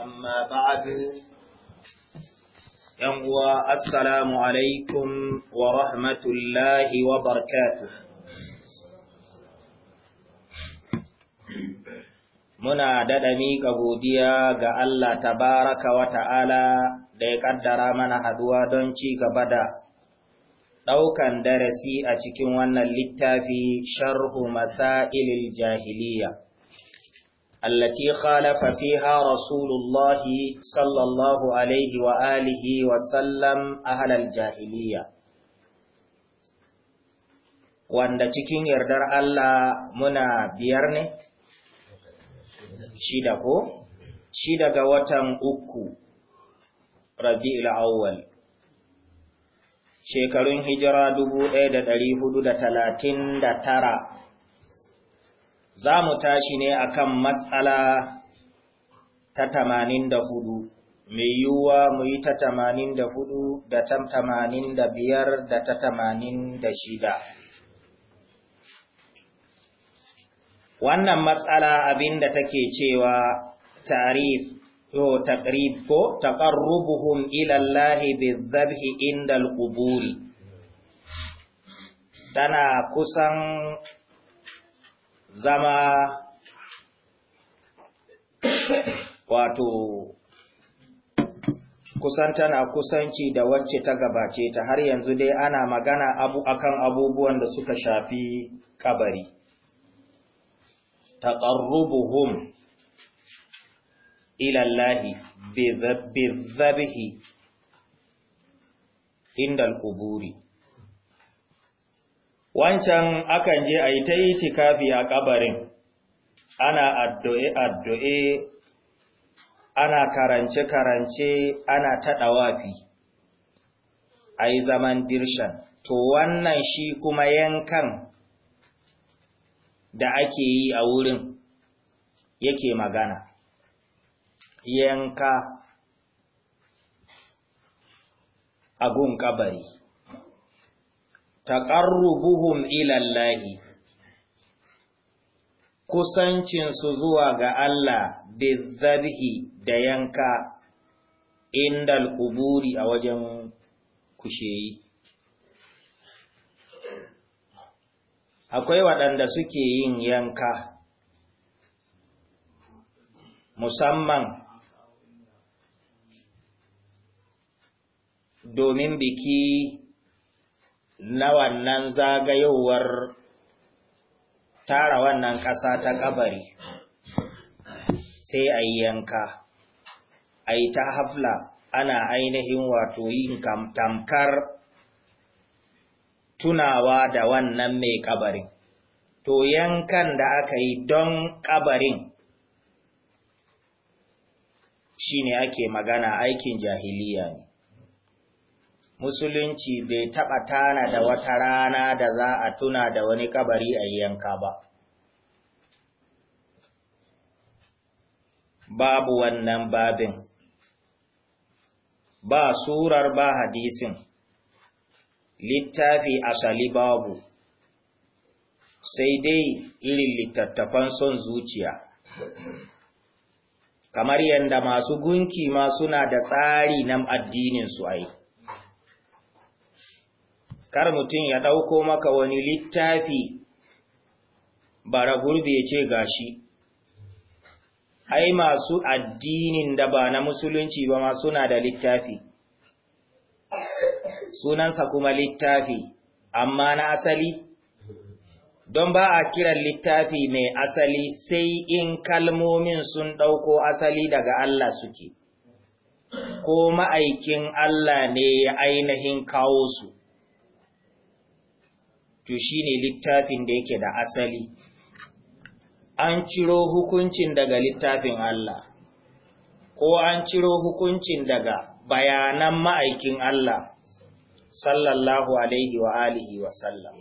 amma yan uwa assalamu alaikum wa rahmatullahi wa barkatu muna daɗa miƙa godiya ga Allah tabaraka wa ta'ala da ya ƙaddara mana haduwa don ci gaba da ɗaukan darasi a cikin wannan littafi sharhu masailil jahiliya التي خالف فيها رسول الله صلى الله عليه وآله وسلم أهل الجاهلية wanda cikin yardar Allah muna biyar ne? Shida ko? Shida ga watan uku, Rabi'ul Awwal. Shekarun hijira dubu ɗaya da da ɗari hudu talatin tara, za mu tashi ne akan matsala ta tamanin da hudu mai yiwuwa mu yi ta tamanin da hudu da ta tamanin da biyar da ta tamanin da shida wannan matsala abinda take cewa tarif to taqrib ko taqarrubuhum ila Allah bizabhi indal al tana kusan zama wato kusan tana kusanci da wacce ta gabace ta har yanzu dai ana magana abu akan abubuwan da suka shafi kabari taqarrubuhum ila Ilallahi, bi dhabhi inda al-quburi wancan akan je a yi ta itikafi a kabarin ana addu'e-addu'e ana karance-karance ana ta wafi a yi zaman dirshan to wannan shi kuma yankan da ake yi a wurin yake magana yanka a gun kabari taqarrubuhum ila Allah kusancin su zuwa ga Allah bizabhi da yanka al-quburi a wajen kusheyi akwai waɗanda suke yin yanka musamman domin biki na wannan zagayowar tara wannan ƙasa ta ƙabari sai a yi yanka a yi ta hafla ana ainihin wato yin tamkar tunawa da wannan mai ƙabarin to yankan da aka yi don ƙabarin shi ne ake magana aikin jahiliya ne musulunci bai taɓa tana da wata rana da za a tuna da wani kabari a yanka ba. Babu wannan babin, ba surar ba hadisin, littafi asali babu, sai dai irin littattafan son zuciya. Kamar yadda masu gunki ma suna da tsari na addininsu yi. kar mutum ya ɗauko maka wani littafi bara gurbe ce gashi ai masu addinin da ba na musulunci ba masu na da littafi sunansa kuma littafi amma na asali don ba a kiran littafi mai asali sai in kalmomin sun ɗauko asali daga Allah suke ko ma'aikin Allah ne ya ainihin kawo su to ne littafin da yake da asali an ciro hukuncin daga littafin Allah ko an ciro hukuncin daga bayanan ma'aikin Allah sallallahu alaihi wa alihi wa sallam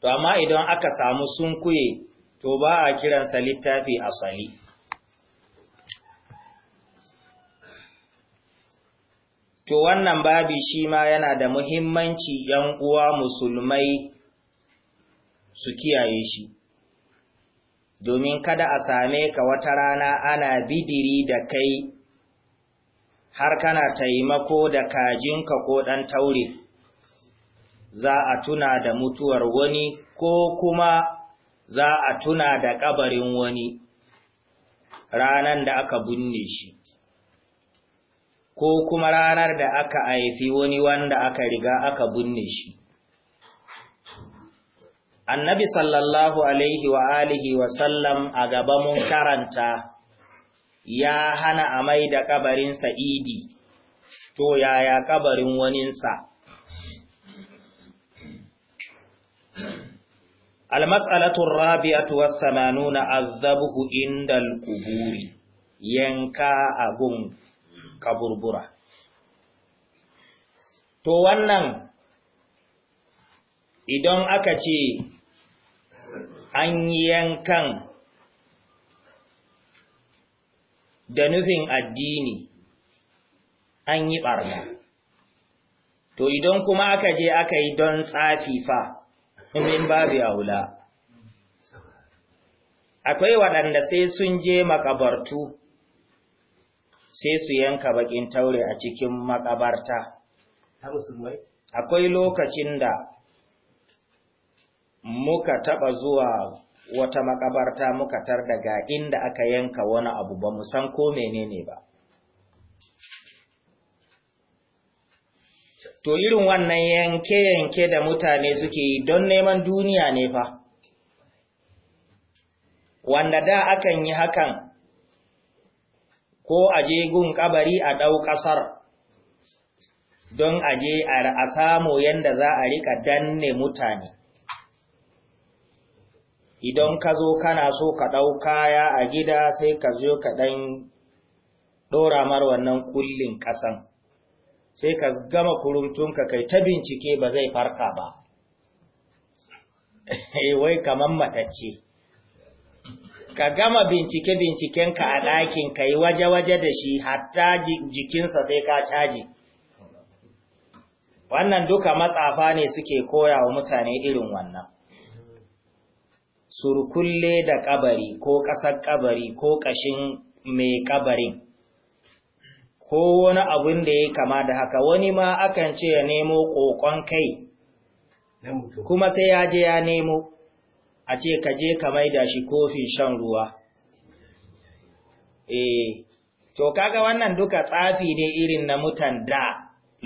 to amma idan aka samu sunkuye to ba a kiransa littafi asali To wannan babi shi ma yana da muhimmanci ‘yan uwa musulmai su kiyaye shi, domin kada a same ka wata rana ana bidiri da kai har kana taimako da kajinka ko ɗan taure, za a tuna da mutuwar wani ko kuma za a tuna da ƙabarin wani ranan da aka binne shi. ko kuma ranar da aka haifi wani wanda aka riga aka binne shi annabi sallallahu alaihi wa alihi wa sallam a gaba mun karanta ya hana a mai da kabarin sa'idi to yaya kabarin waninsa nuna nuna والثمانون inda عند yanka a gungu. kaburbura. To wannan idan aka ce an yankan da nufin addini an yi ɓarna. To idan kuma aka je aka yi don tsafi fa, min babu wula. Akwai waɗanda sai sun je makabartu sai su yanka bakin taure a cikin makabarta. Akwai lokacin da muka taɓa zuwa wata makabarta muka tar daga inda aka yanka wani abu ba mu san ko menene ba. To irin wannan yanke-yanke da mutane suke yi don neman duniya ne fa, wanda da akan yi hakan ko a je gun kabari a ɗau ƙasar don a je a samu yadda za a riƙa danne mutane. Idan ka zo kana so ka ɗau kaya a gida sai ka zo ka ɗan ɗora mar wannan kullin ƙasan, sai ka gama kurumtunka kai ta bincike ba zai farka ba, eh, wai kamar matacce. ka gama bincike bincikenka a ɗakin ka yi waje-waje da shi hatta jikinsa sai ka caji wannan duka matsafa ne suke koya wa mutane irin wannan surkulle da kabari ko ƙasar kabari ko ƙashin mai kabarin ko wani abin da ya kama da haka wani ma akan ce ya nemo ƙoƙon kai kuma sai ya je ya nemo a ce ka je ka maida shi kofin shan ruwa eh to kaga wannan duka tsafi ne irin na mutan da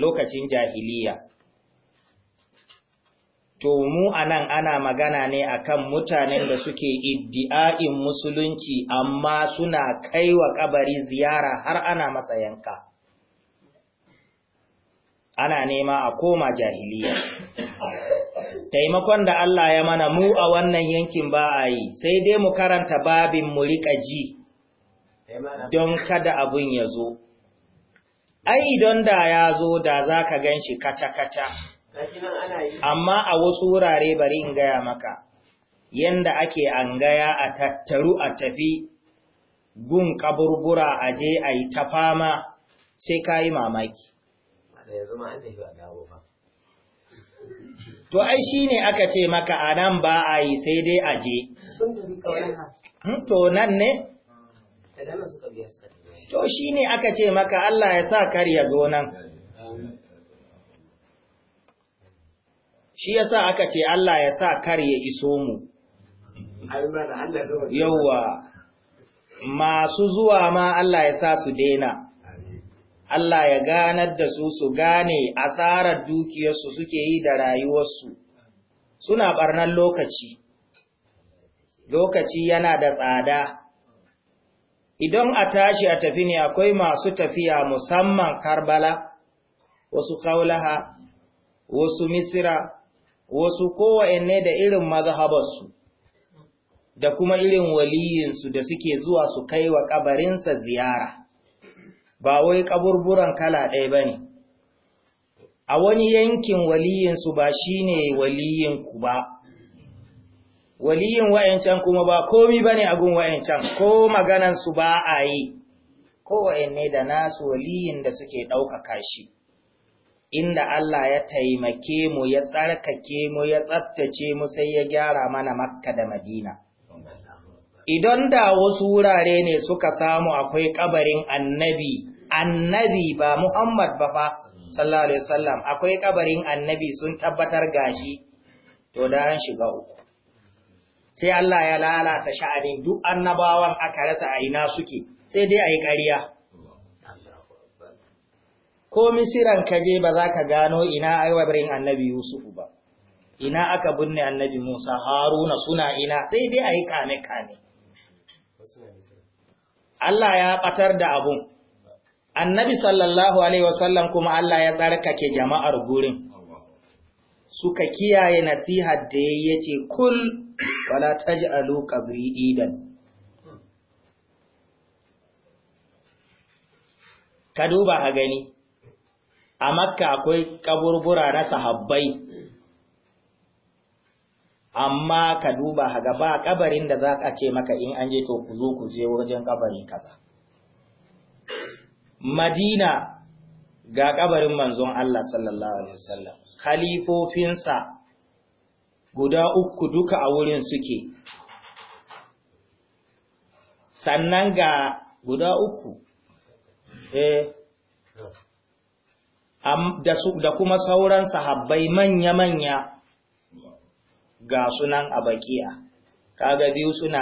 lokacin jahiliya to mu anan ana magana ne akan mutanen da suke iddi'a'in musulunci amma suna kaiwa kabari ziyara har ana masa yanka ana nema a koma jahiliya taimakon da Allah ya mana mu a wannan yankin ba a yi sai dai mu karanta babin mu riƙa ji don kada abun ya zo ai idan da ya zo da za ka gan shi kaca-kaca amma a wasu wurare bari in gaya maka yanda ake an gaya a tattaru a tafi gun kaburbura aje je a yi ta fama sai ka yi mamaki da yanzu ma an tafi a dawo fa to ai shi ne aka ce maka a nan ba a yi sai dai a je hmm, to nan ne to shi ne aka ce maka Allah ya sa kar ya zo nan shi ya sa aka ce Allah ya sa kar ya iso mu yauwa masu zuwa ma Allah ya sa su dena Allah ya ganar da su su gane asarar dukiyarsu suke yi da rayuwarsu suna ɓarnar lokaci lokaci yana da tsada idan a tashi a tafi ne akwai masu tafiya musamman karbala wasu kaulaha wasu misira wasu kowanne da irin mazhabarsu da kuma irin waliyinsu da suke zuwa su kai wa ƙabarinsa ziyara ba wai kaburburan kala ɗaya ba ne a wani yankin waliyinsu ba shi ne waliyinku ba waliyin wa'yancan kuma ba komi ba ne a gun wa'yancan ko maganansu ba a yi ne da nasu waliyin da suke ɗaukaka shi inda Allah ya taimake mu ya tsarkake mu ya tsaftace mu sai ya gyara mana makka da madina idan da wasu wurare ne suka samu akwai kabarin annabi annabi ba Muhammad ba fa sallallahu alaihi wasallam akwai kabarin annabi sun tabbatar gashi to da an shiga uku sai Allah ya lalata sha'anin duk annabawan aka rasa a ina suke sai dai ayi ƙarya ko misiran kaje ba za ka gano ina kabarin annabi Yusufu ba ina aka binne annabi Musa Haruna suna ina sai dai ayi kame kame Allah ya batar da abun annabi sallallahu alaihi wasallam kuma Allah ya tsarkake jama'ar gurin suka kiyaye nasihar da ya yace kul wala taj'alu qabri idan ka duba a gani a makka akwai kaburbura na sahabbai amma ka duba haga ba kabarin da za ka ce maka in an je to ku zo ku je wajen kabari kaza Madina ga kabarin manzon Allah sallallahu Alaihi wasallam, khalifofinsa guda uku duka a wurin suke, sannan ga guda uku, eh, da kuma sauran sahabbai manya-manya ga sunan a bakiya, kaga biyu suna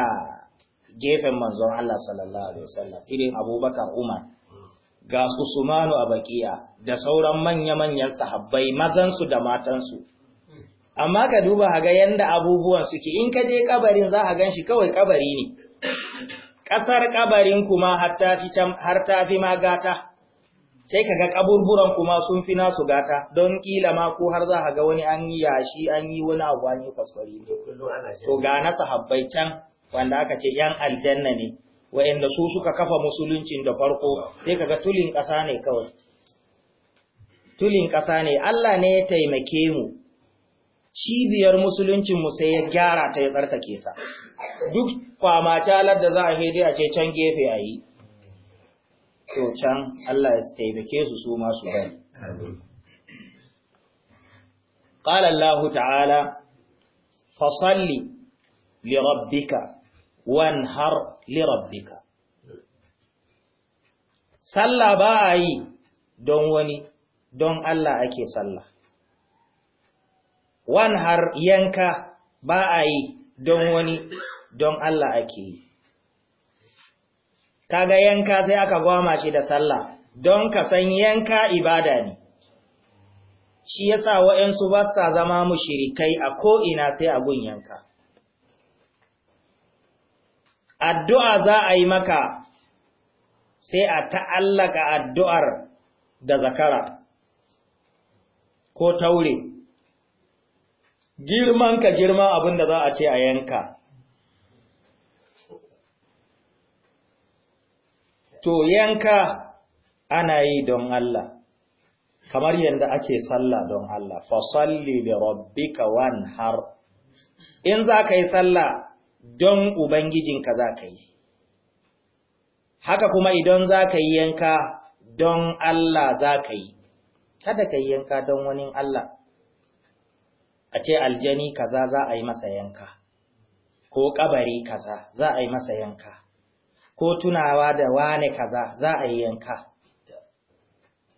gefen manzon Allah sallallahu Alaihi wasallam, irin abubakar Umar. ga Usmanu a bakiya da sauran manya-manyan sahabbai mazansu da matansu. Amma ka duba ga yanda abubuwan suke in ka je kabarin za a gan shi kawai kabari ne. Ƙasar kabarin kuma har ta fi ma gata, sai ka ga kaburburan kuma sun fi nasu gata don kila ma ko har za a ga wani an yi yashi an yi wani abu an yi kwaskwari ne. To ga na sahabbai can wanda aka ce ‘yan aljanna ne. wa'inda su suka kafa musuluncin da farko sai kaga tulin ƙasa ne kawai tulin ƙasa ne Allah ne ya taimake mu cibiyar musuluncin mu sai ya gyara ta ya tsarkake ta duk calar da za a hede a ce can gefe a yi to can Allah ya taimake su su masu gani ta'ala الله تعالى li لربك wanhar lirabbika sallah ba a yi don wani don Allah ake sallah wanhar yanka ba a yi don wani don Allah ake yi kaga yanka sai aka gwama shi da sallah don ka san yanka ibada ne shi yasa wa'ansu ba sa zama mushrikai a ko ina sai a gun yanka addu'a za a yi maka sai a ta'allaka addu'ar da zakara ko taure. Girman ka girman abin da za a ce a yanka. To yanka ana yi don Allah, kamar yadda ake sallah don Allah, fasalli da ka wan har. In za ka yi sallah don Ubangijinka za ka yi. Haka kuma idan za ka yi yanka don Allah za ka yi, kada ka yi yanka don wani Allah, a ce aljani kaza za a yi masa yanka, ko kabari kaza za a yi masa yanka, ko tunawa da wane kaza za a yi yanka.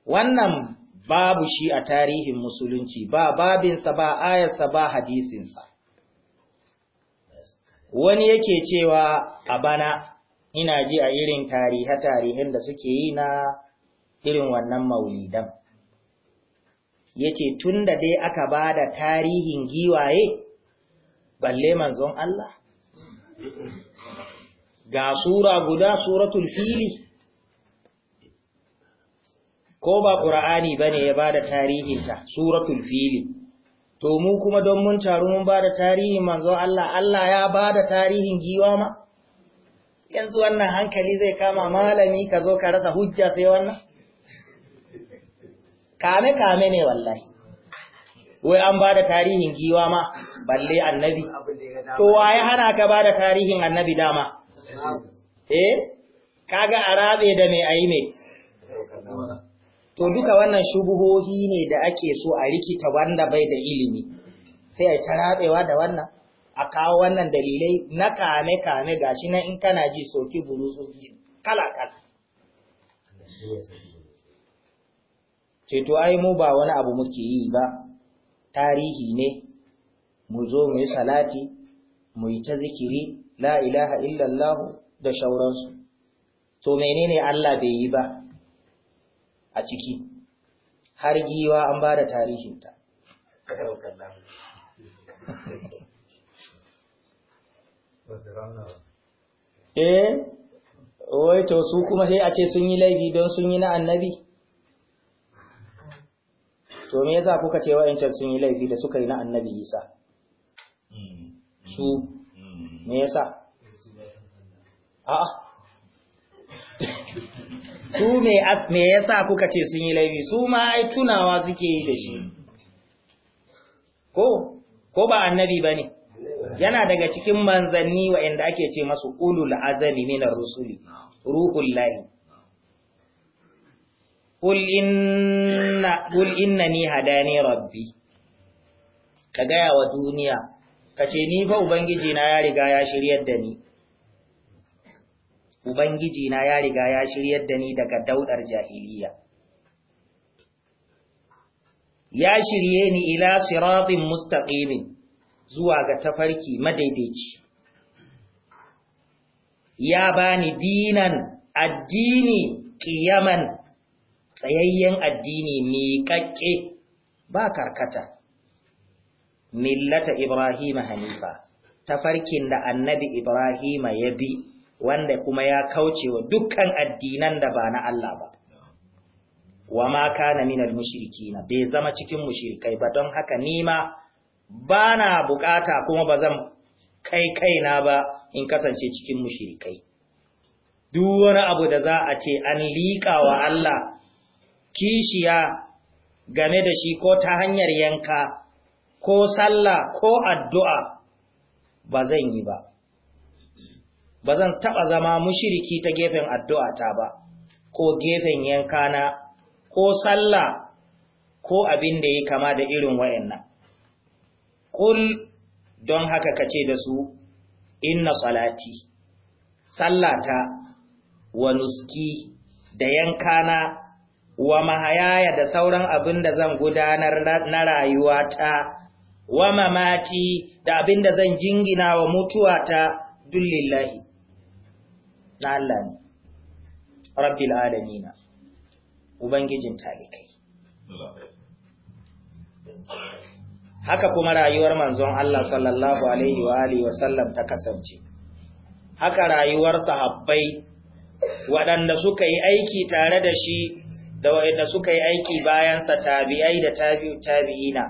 Wannan babu shi a tarihin musulunci, ba babinsa ba ayarsa ba hadisinsa. wani yake cewa a bana ina ji a irin tarihe-tarihen da suke yi na irin wannan maulidan yace tun da dai aka ba da tarihin giwaye balle manzon Allah ga sura guda suratul fili ko ba ƙura'ani ba ne ya ba da tarihinta suratul fili to mu kuma don mun taru mun ba da tarihin manzo Allah Allah ya ba da tarihin giwa ma yanzu wannan hankali zai kama malami ka zo ka rasa hujja sai wannan kame kame ne wallahi wai an ba da tarihin giwa ma balle annabi to waye hana ka ba da tarihin annabi dama eh kaga arabe da mai ayi ne To duka wannan shubuhohi ne da ake so a rikita wanda bai da ilimi, sai a tarabewa da wannan, a kawo wannan dalilai na kame-kame gashi na in kana ji soki buru kala-kala. Ceto ai mu ba wani abu muke yi ba, tarihi ne, mu zo mu yi salati, mu yi ta zikiri, la ilaha illallahu da shauransu. To menene Allah bai yi ba? a ciki har giwa an ba da tarihinta eh wai to su kuma sai a ce sun yi laifi don sun yi na annabi to me yasa kuka ce wa'incan sun yi laifi da suka yi na annabi isa su me yasa a'a su me ya sa yasa kuka ce sun yi laifi su ma ai tunawa suke yi da shi ko ko ba annabi bane yana daga cikin manzanni inda ake ce masu ulul azami minar rusuli ruhul lahi Kul inna ni innani hadani rabbi ka gaya wa duniya kace ni fa ubangiji na ya riga ya shiryar da ni Ubangiji na ya riga ya shiryar da ni daga daudar jahiliya. Ya shirye ni ila siratin mustaqimin zuwa ga tafarki madaidaici. Ya bani dinan addini ƙiyaman tsayayyen addini miƙaƙƙe ba karkata. Millata Ibrahim Hanifa, tafarkin da annabi Ibrahim ya bi. wanda kuma ya kauce wa dukkan addinan da ba na Allah ba wa ma kana minal mushrikina bai zama cikin mushrikai ba don haka nima bana bukata kuma ba zan kai kaina ba in kasance cikin mushrikai duk wani abu da za a ce an liƙa wa Allah kishiya game da shi ko ta hanyar yanka ko sallah ko addu'a ba zan yi ba ba zan taɓa zama mushiriki ta gefen addu'ata ba, ko gefen yankana, ko sallah, ko abin da ya kama da irin wa'yannan. Kul don haka kace da su, inna salati, sallata, wa nuski da yankana, wa mahayaya da sauran abin da zan gudanar na rayuwata. wa mamati da abin da zan jingina wa mutuwata dullillahi na Allah ne rabbil alamina ubangijin talikai haka kuma rayuwar manzon Allah sallallahu alaihi wa alihi wa sallam ta kasance haka rayuwar sahabbai waɗanda suka yi aiki tare da shi da waɗanda suka yi aiki bayansa tabi'ai da tabi'u tabi'ina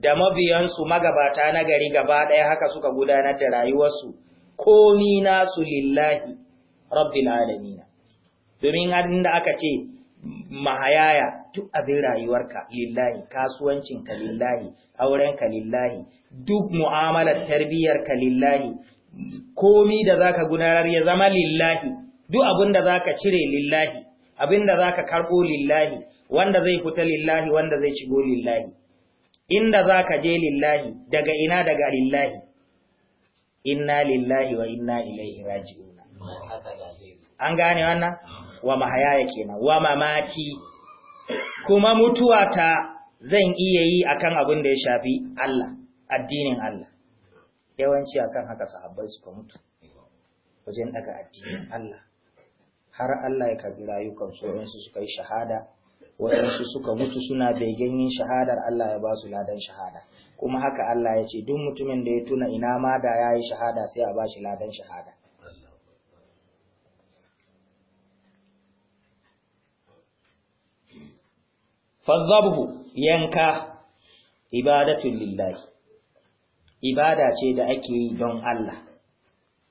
da mabiyansu magabata na gari gaba ɗaya haka suka gudanar da rayuwarsu komi nasu lillahi rabbil alamin domin inda aka ce mahayaya duk abin rayuwarka lillahi kasuwancinka lillahi aurenka lillahi duk mu'amalar tarbiyyarka lillahi komi da zaka gudanar ya zama lillahi duk abin da zaka cire lillahi abin da zaka karbo lillahi wanda zai fita lillahi wanda zai shigo lillahi inda zaka je lillahi daga ina daga lillahi inna lillahi wa inna ilaihi raji'un an gane wannan wa mahayaya kenan wa mamaki kuma mutuwa ta zan iya yi akan abin da ya shafi Allah addinin Allah yawanci akan haka sahabbai suka mutu wajen daga addinin Allah har Allah ya karbi rayukan su suka yi shahada su suka mutu suna begen yin shahadar Allah ya ba su ladan shahada kuma haka Allah ya ce duk mutumin da ya tuna ina ma da yayi shahada sai a ba shi ladan shahada fazzabhu yanka ibadatun lillahi ibada ce da ake yi don Allah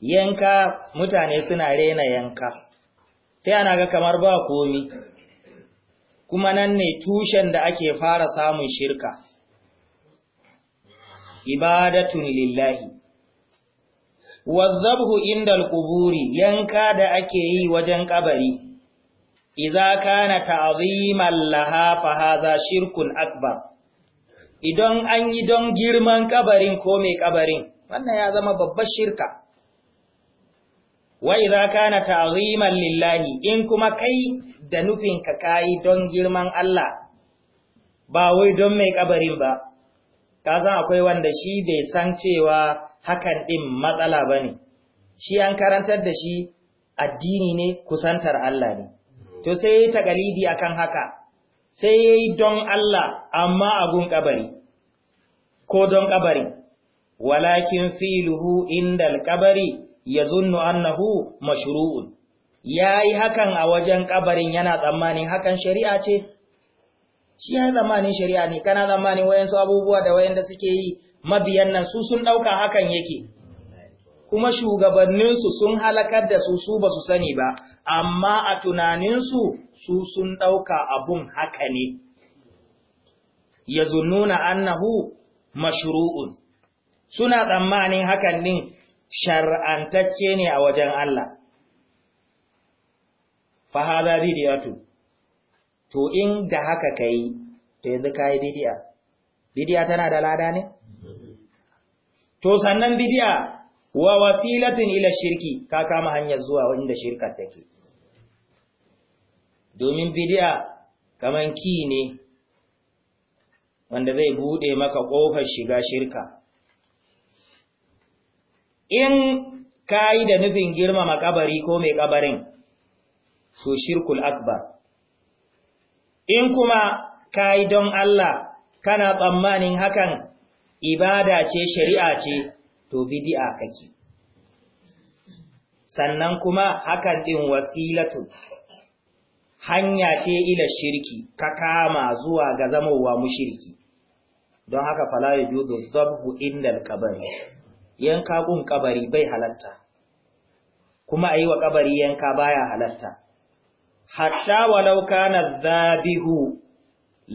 yanka mutane suna rena yanka sai ana ga kamar ba komi kuma nan ne tushen da ake fara samun shirka ibadatun lillahi wazzabhu indal quburi yanka da ake yi wajen kabari Iza kana ta'ziman laha fa hadha shirkun akbar idan an yi don girman kabarin ko mai kabarin wannan ya zama babbar shirka wa idza kana ta'ziman lillahi in kuma kai da nufin ka kai don girman Allah ba wai don mai kabarin ba ka san akwai wanda shi bai san cewa hakan din matsala ba ne. shi an karantar da shi addini ne kusantar Allah ne to sai yayi akan haka sai ya yi don Allah amma abun ƙabari. ko don ƙabari walakin filuhu alƙabari ya zunnu annahu mashru'un yi hakan a wajen ƙabarin yana tsammanin hakan shari'a ce shi ya tsammanin shari'a ne kana wayan wayansu abubuwa da wayanda suke yi mabiyan nan su sun ɗauka hakan yake kuma shugabanninsu sun halakar da su su ba su sani ba amma a tunaninsu su sun ɗauka abun haka ne, ya zununa annahu mashru'un, suna tsammanin hakan din shar'antacce ne a wajen Allah. Fahaza bidiyatu, to in da haka ka yi, to yanzu ka yi bidiya, bidiya tana da lada ne? To sannan bidiya wa wasilatin ila shirki ka kama hanyar zuwa wanda shirka take. domin bidiya kaman ki ne wanda zai bude maka ƙofar shiga shirka in ka yi da nufin girmama ƙabari ko mai kabarin to shirkul akbar in kuma ka yi don Allah kana tsammanin hakan ibada ce shari'a ce to bidi'a kake sannan kuma hakan din wasilatu hanya ce ila shirki ka kama zuwa ga zamowa mushirki don haka fala yajuzu dhabhu inda al-qabr yanka gun kabari bai halatta kuma ayi wa kabari yanka baya halatta hatta walau kana dhabihu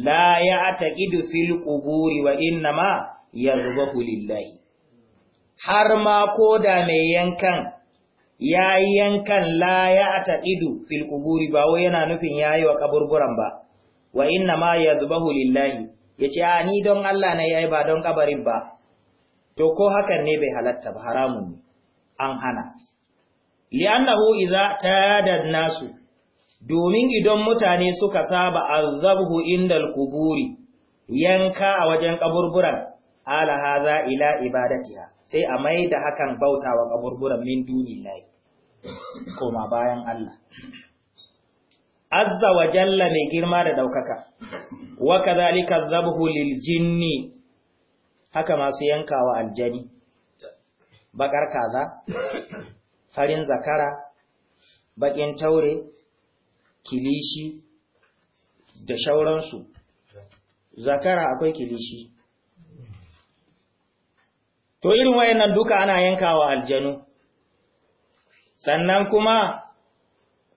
la ya'taqidu fil quburi wa ma yadhbahu lillahi har ma koda mai yankan ya yi yankan la ya ta idu fil kuburi ba wai yana nufin ya yi wa kaburburan ba wa inna ma ya zubahu lillahi ya ce a ni don Allah na yi ba don kabarin ba to ko hakan ne bai halatta ba haramun ne an hana li'annahu idza tada nasu domin idan mutane suka saba azabhu indal kuburi yanka a wajen kaburburan ala hadha ila ibadatiha sai a mai da hakan bautawa kaburburan min dunillahi koma bayan Allah azza wa jalla mai girma da daukaka wa kadhalika dhabhu lil haka masu yankawa aljani baƙar kaza farin zakara bakin taure kilishi da shauransu zakara akwai kilishi to irin wayannan duka ana yankawa aljanu sannan kuma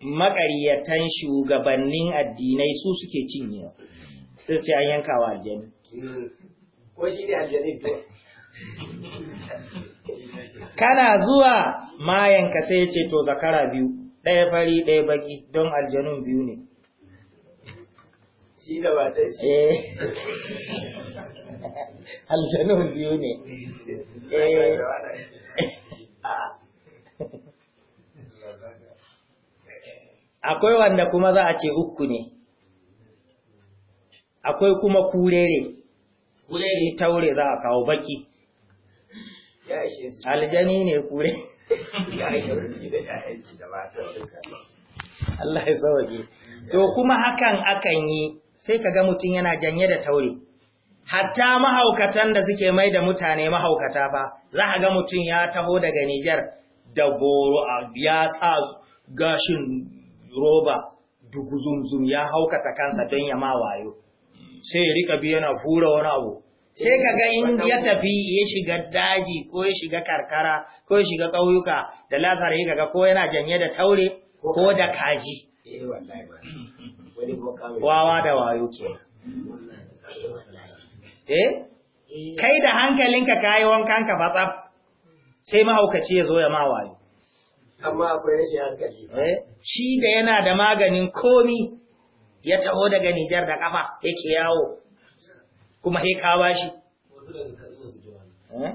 maƙaryatan shugabannin addinai su suke cinye su ce an yanka wa aljani ko shi ne aljani kana zuwa mayanka sai ce to zakara biyu ɗaya fari ɗaya baki don aljanun biyu ne shi da ta shi eh. aljanun biyu ne eh ah. akwai wanda kuma za a ce uku ne akwai kuma kurere kurere taure za a kawo baki aljani ne kure Allah ya sauke to kuma hakan akan yi sai ka ga mutum yana janye da taure hatta mahaukatan da suke mai da mutane mahaukata ba, za ka ga mutum ya taho daga Nijar da goro ya tsazu gashin roba dugu zumzum ya haukata kansa don ya ma wayo sai ya rika biyu yana fura wani abu sai ka in ya tafi ya shiga daji ko ya shiga karkara ko ya shiga ƙauyuka da lasar yi kaga ko yana janye da taure ko da kaji eh, wawa da wayo ke eh, eh. kai da hankalinka kayi ka fatsaf sai mahaukaci ya zo ya ma wayo amma akwai rashin hankali eh? shi da yana da maganin komi ya taho daga Nijar da kafa yake yawo kuma he ka shi. Eh?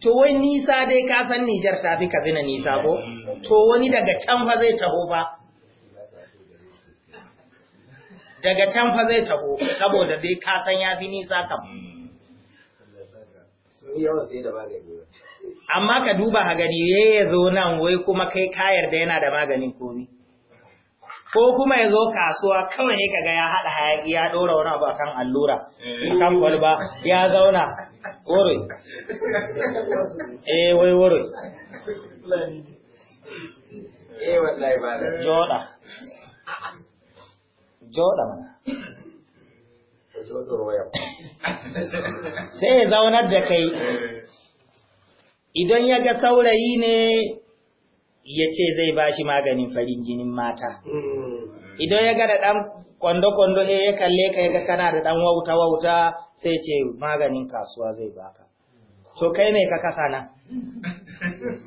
to wai nisa dai ka san Nijar ta fi Katsina nisa ko to wani daga can fa zai taho fa daga can fa zai taho saboda dai ka san fi nisa kam sun yawan sai da magani amma ka duba ha gani ya ya zo nan wai kuma kai kayar da yana da maganin komi ko kuma ya zo kasuwa kawai ne kaga ya haɗa hayaki ya ɗora wani abu kan allura eh. kan kwalba ya zauna wuri eh wai wuri eh, mana sai zaunar da kai eh. idan ya ga saurayi ne ya ce zai ba shi maganin farin jinin mata mm. idan ya ga da ɗan kwando-kwando eh, ya kalle ka ya ga kana da ɗan wauta-wauta sai ce maganin kasuwa zai baka to kai ne ka kasa nan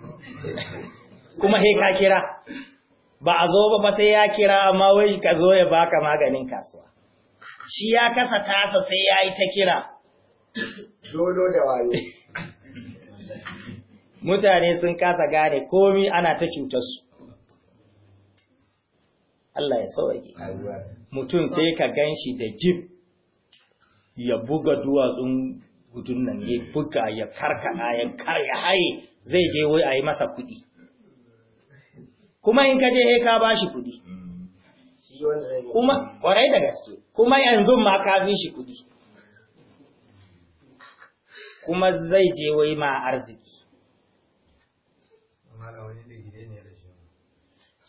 kuma he ka kira ba a zo ba sai ya kira amma wai ka zo ya baka maganin kasuwa shi ya kasa tasa sai ya yi ta kira dodo da waye mutane sun kasa gane komi ana ta su. Allah ya sauwaƙe mutum sai ka gan shi da jib ya buga duwatsun gudun nan ya buga ya karkana ya karya haye zai je wai a yi masa kuɗi kuma in ka je ka ba shi kuɗi kuma kwarai da gaske kuma yanzu ma ka fi shi kuɗi kuma zai je wai ma arziki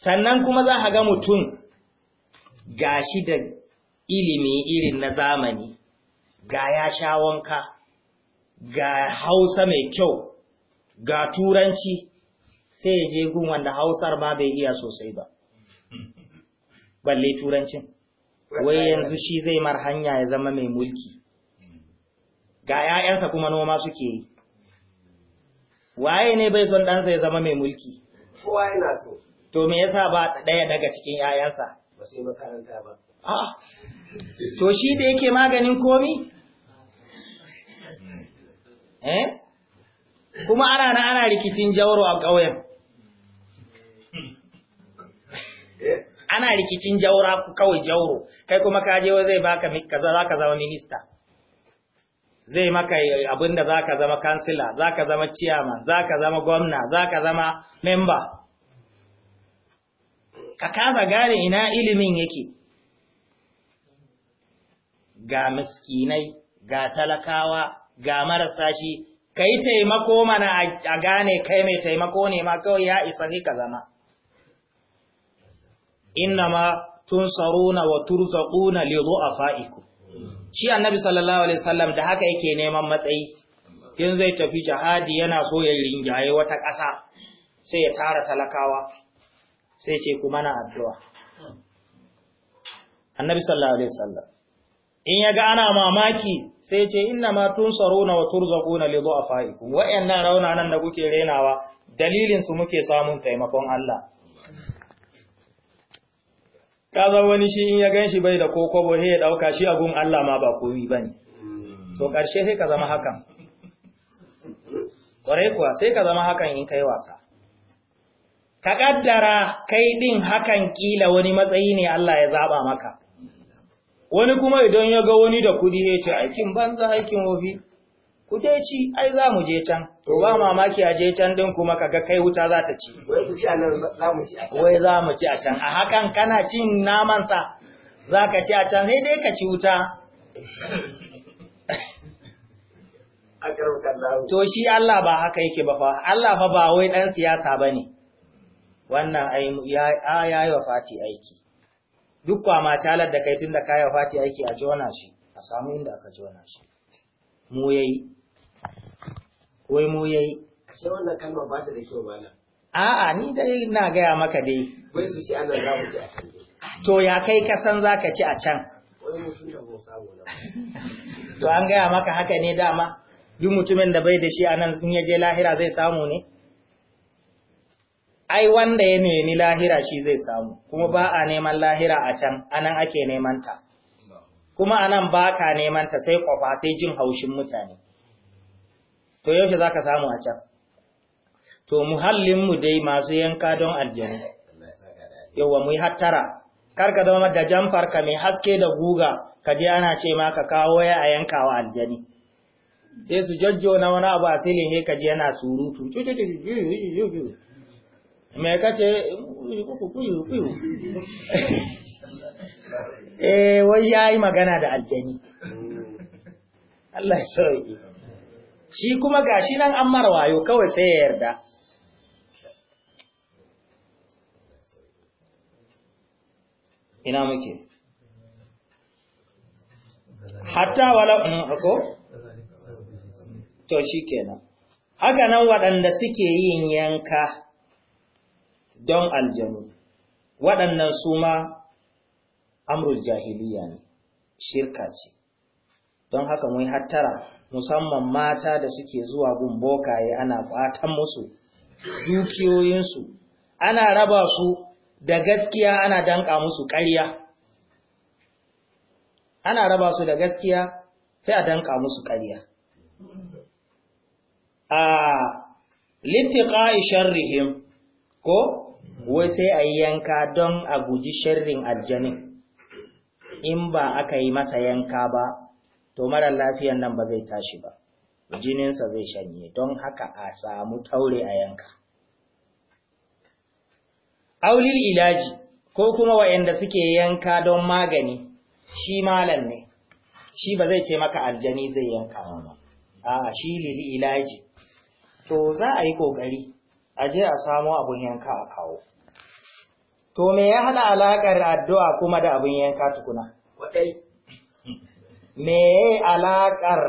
sannan kuma za a ga mutum ga shi da ilimi irin na zamani ga ya sha wanka ga hausa mai kyau ga turanci sai ya je gun wanda hausar ma bai iya sosai ba balle turancin wai yanzu shi zai mar hanya ya zama mai mulki ga ‘ya'yansa kuma noma suke yi waye ne bai son ɗansa ya zama mai mulki kowa yana so to me yasa ba ɗaya daga cikin ‘ya'yansa? Ba makaranta ba. to shi da yake maganin komi? Eh? Kuma ana na ana rikicin jauro a ƙauyen. Ana rikicin jaura kawai jauro, kai kuma kaje zai baka kaza ka zama minista. Zai maka abinda za ka zama kansila, za ka zama ciyama, za ka zama gwamna, za ka zama memba. ka kasa gane ina ilimin yake ga miskinai ga talakawa ga marasa shi ka yi taimako mana a gane kai mai taimako ne ma kawai ya isa sai ka zama inna ma tun saruna wa turzaƙuna lezo a fa'iku shi annabi sallallahu alaihi Sallam da haka yake neman matsayi in zai tafi jihadi yana so ya ringaye wata ƙasa sai ya tara talakawa sai ce kuma na addu'a annabi sallallahu alaihi wasallam in ya ga ana mamaki sai ce inna ma na wa turzaquna li du'afaikum wa'annan rauna nan da kuke renawa dalilinsu muke samun taimakon Allah ka zan wani shi in ya gan shi bai da kokobo sai ya dauka shi agun Allah ma ba komi bane to karshe sai ka zama hakan kware kuwa sai ka zama hakan in kai wasa ka kaddara kai din hakan kila wani matsayi ne Allah ya zaba maka wani kuma idan ya ga wani da kudi ya ce aikin banza aikin wofi ku dai ci ai za mu je can to ba mamaki a je can din kuma kaga kai wuta za ta ci wai za mu ci a can a hakan kana cin naman sa za ka ci a can sai dai ka ci wuta to shi Allah ba haka yake ba fa Allah fa ba wai dan siyasa bane wannan ya yi wa fati aiki duk ma calar da kai tun da ka yi wa fati aiki a jona shi a samu inda aka jona shi mu ya yi wai mu ya yi sai wannan kalmar ba ta da kyau ba nan a'a ni dai na gaya maka dai wai su ci anan za mu ci a can to ya kai ka san za ka ci a can mu to an gaya maka haka ne dama duk mutumin da bai da shi anan in ya je lahira zai samu ne ai wanda ya nemi lahira shi zai samu kuma ba a neman lahira a can anan ake neman ta kuma anan ba ka neman ta sai kwafa sai jin haushin mutane to yaushe za ka samu a can to muhallin mu dai masu yanka don aljanu yauwa mu yi hattara kar ka zama da jamfar ka mai haske da guga ka je ana ce ma ka kawo ya a wa aljani sai su jajjo na wani abu a silin he ka je yana surutu me kace eh wai yi magana da aljani Allah ya sauke shi kuma gashi nan an mara wayo kawai sai ya yarda ina muke hatta wala mm, ko to shi kenan. haka nan waɗanda suke yin yanka don aljanu waɗannan su ma amrul jahiliya ne shirka ce don haka mun hattara musamman mata da suke zuwa gun bokaye ana fatan musu dukiyoyinsu ana raba su da gaskiya ana danka musu ƙarya ana raba su da gaskiya sai a danka musu ƙarya a littiƙa sharrihim ko wai sai a yi yanka don a guji sharrin aljanin in ba aka yi masa yanka ba to mara lafiyan nan ba zai tashi ba jininsa zai shanye don haka a samu taure a yanka aulil ilaji ko kuma wayanda suke yanka don magani shi malam ne shi ba zai ce maka aljani zai yanka ba a shi lil ilaji to za a yi ƙoƙari. aje a samo abun yanka a kawo. To me ya haɗa alaƙar addu'a kuma da abun yanka tukuna? Waɗai. Me ya alaƙar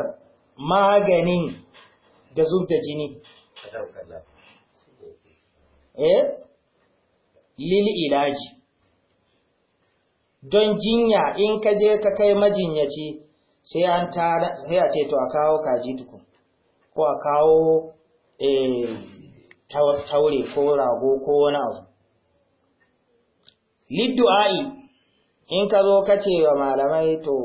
maganin da zub da jini? Eh? Lil ilaji. Don jinya in ka je ka kai majinyaci sai an tara, sai a ce to a kawo kaji tukun, ko a kawo eh, taure ko rago ko wani abu liddu'a'i in ka zo ka ce wa malamai to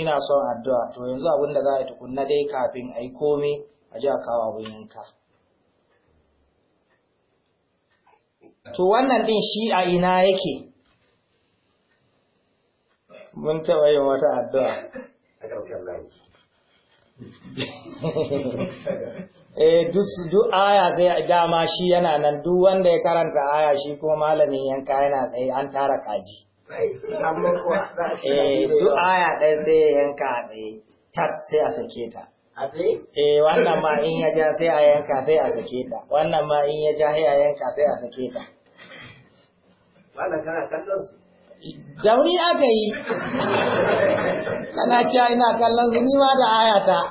ina son addu'a to yanzu abin da za a yi tukunna dai kafin a yi komai a ji a kawo abin yanka to wannan din shi a ina yake mun taɓa yin wata addu'a eh duk aya zai dama shi yana nan duk wanda ya karanta aya shi kuma malamin yanka yana tsaye an tara kaji eh duk aya ɗaya sai ya yanka a tsaye tat sai a sake ta eh wannan ma in ya ja sai a yanka sai a sake ta wannan ma in ya ja sai a yanka sai a sake ta Dauri aka yi, kana cewa ina kallon su ni ma da ayata.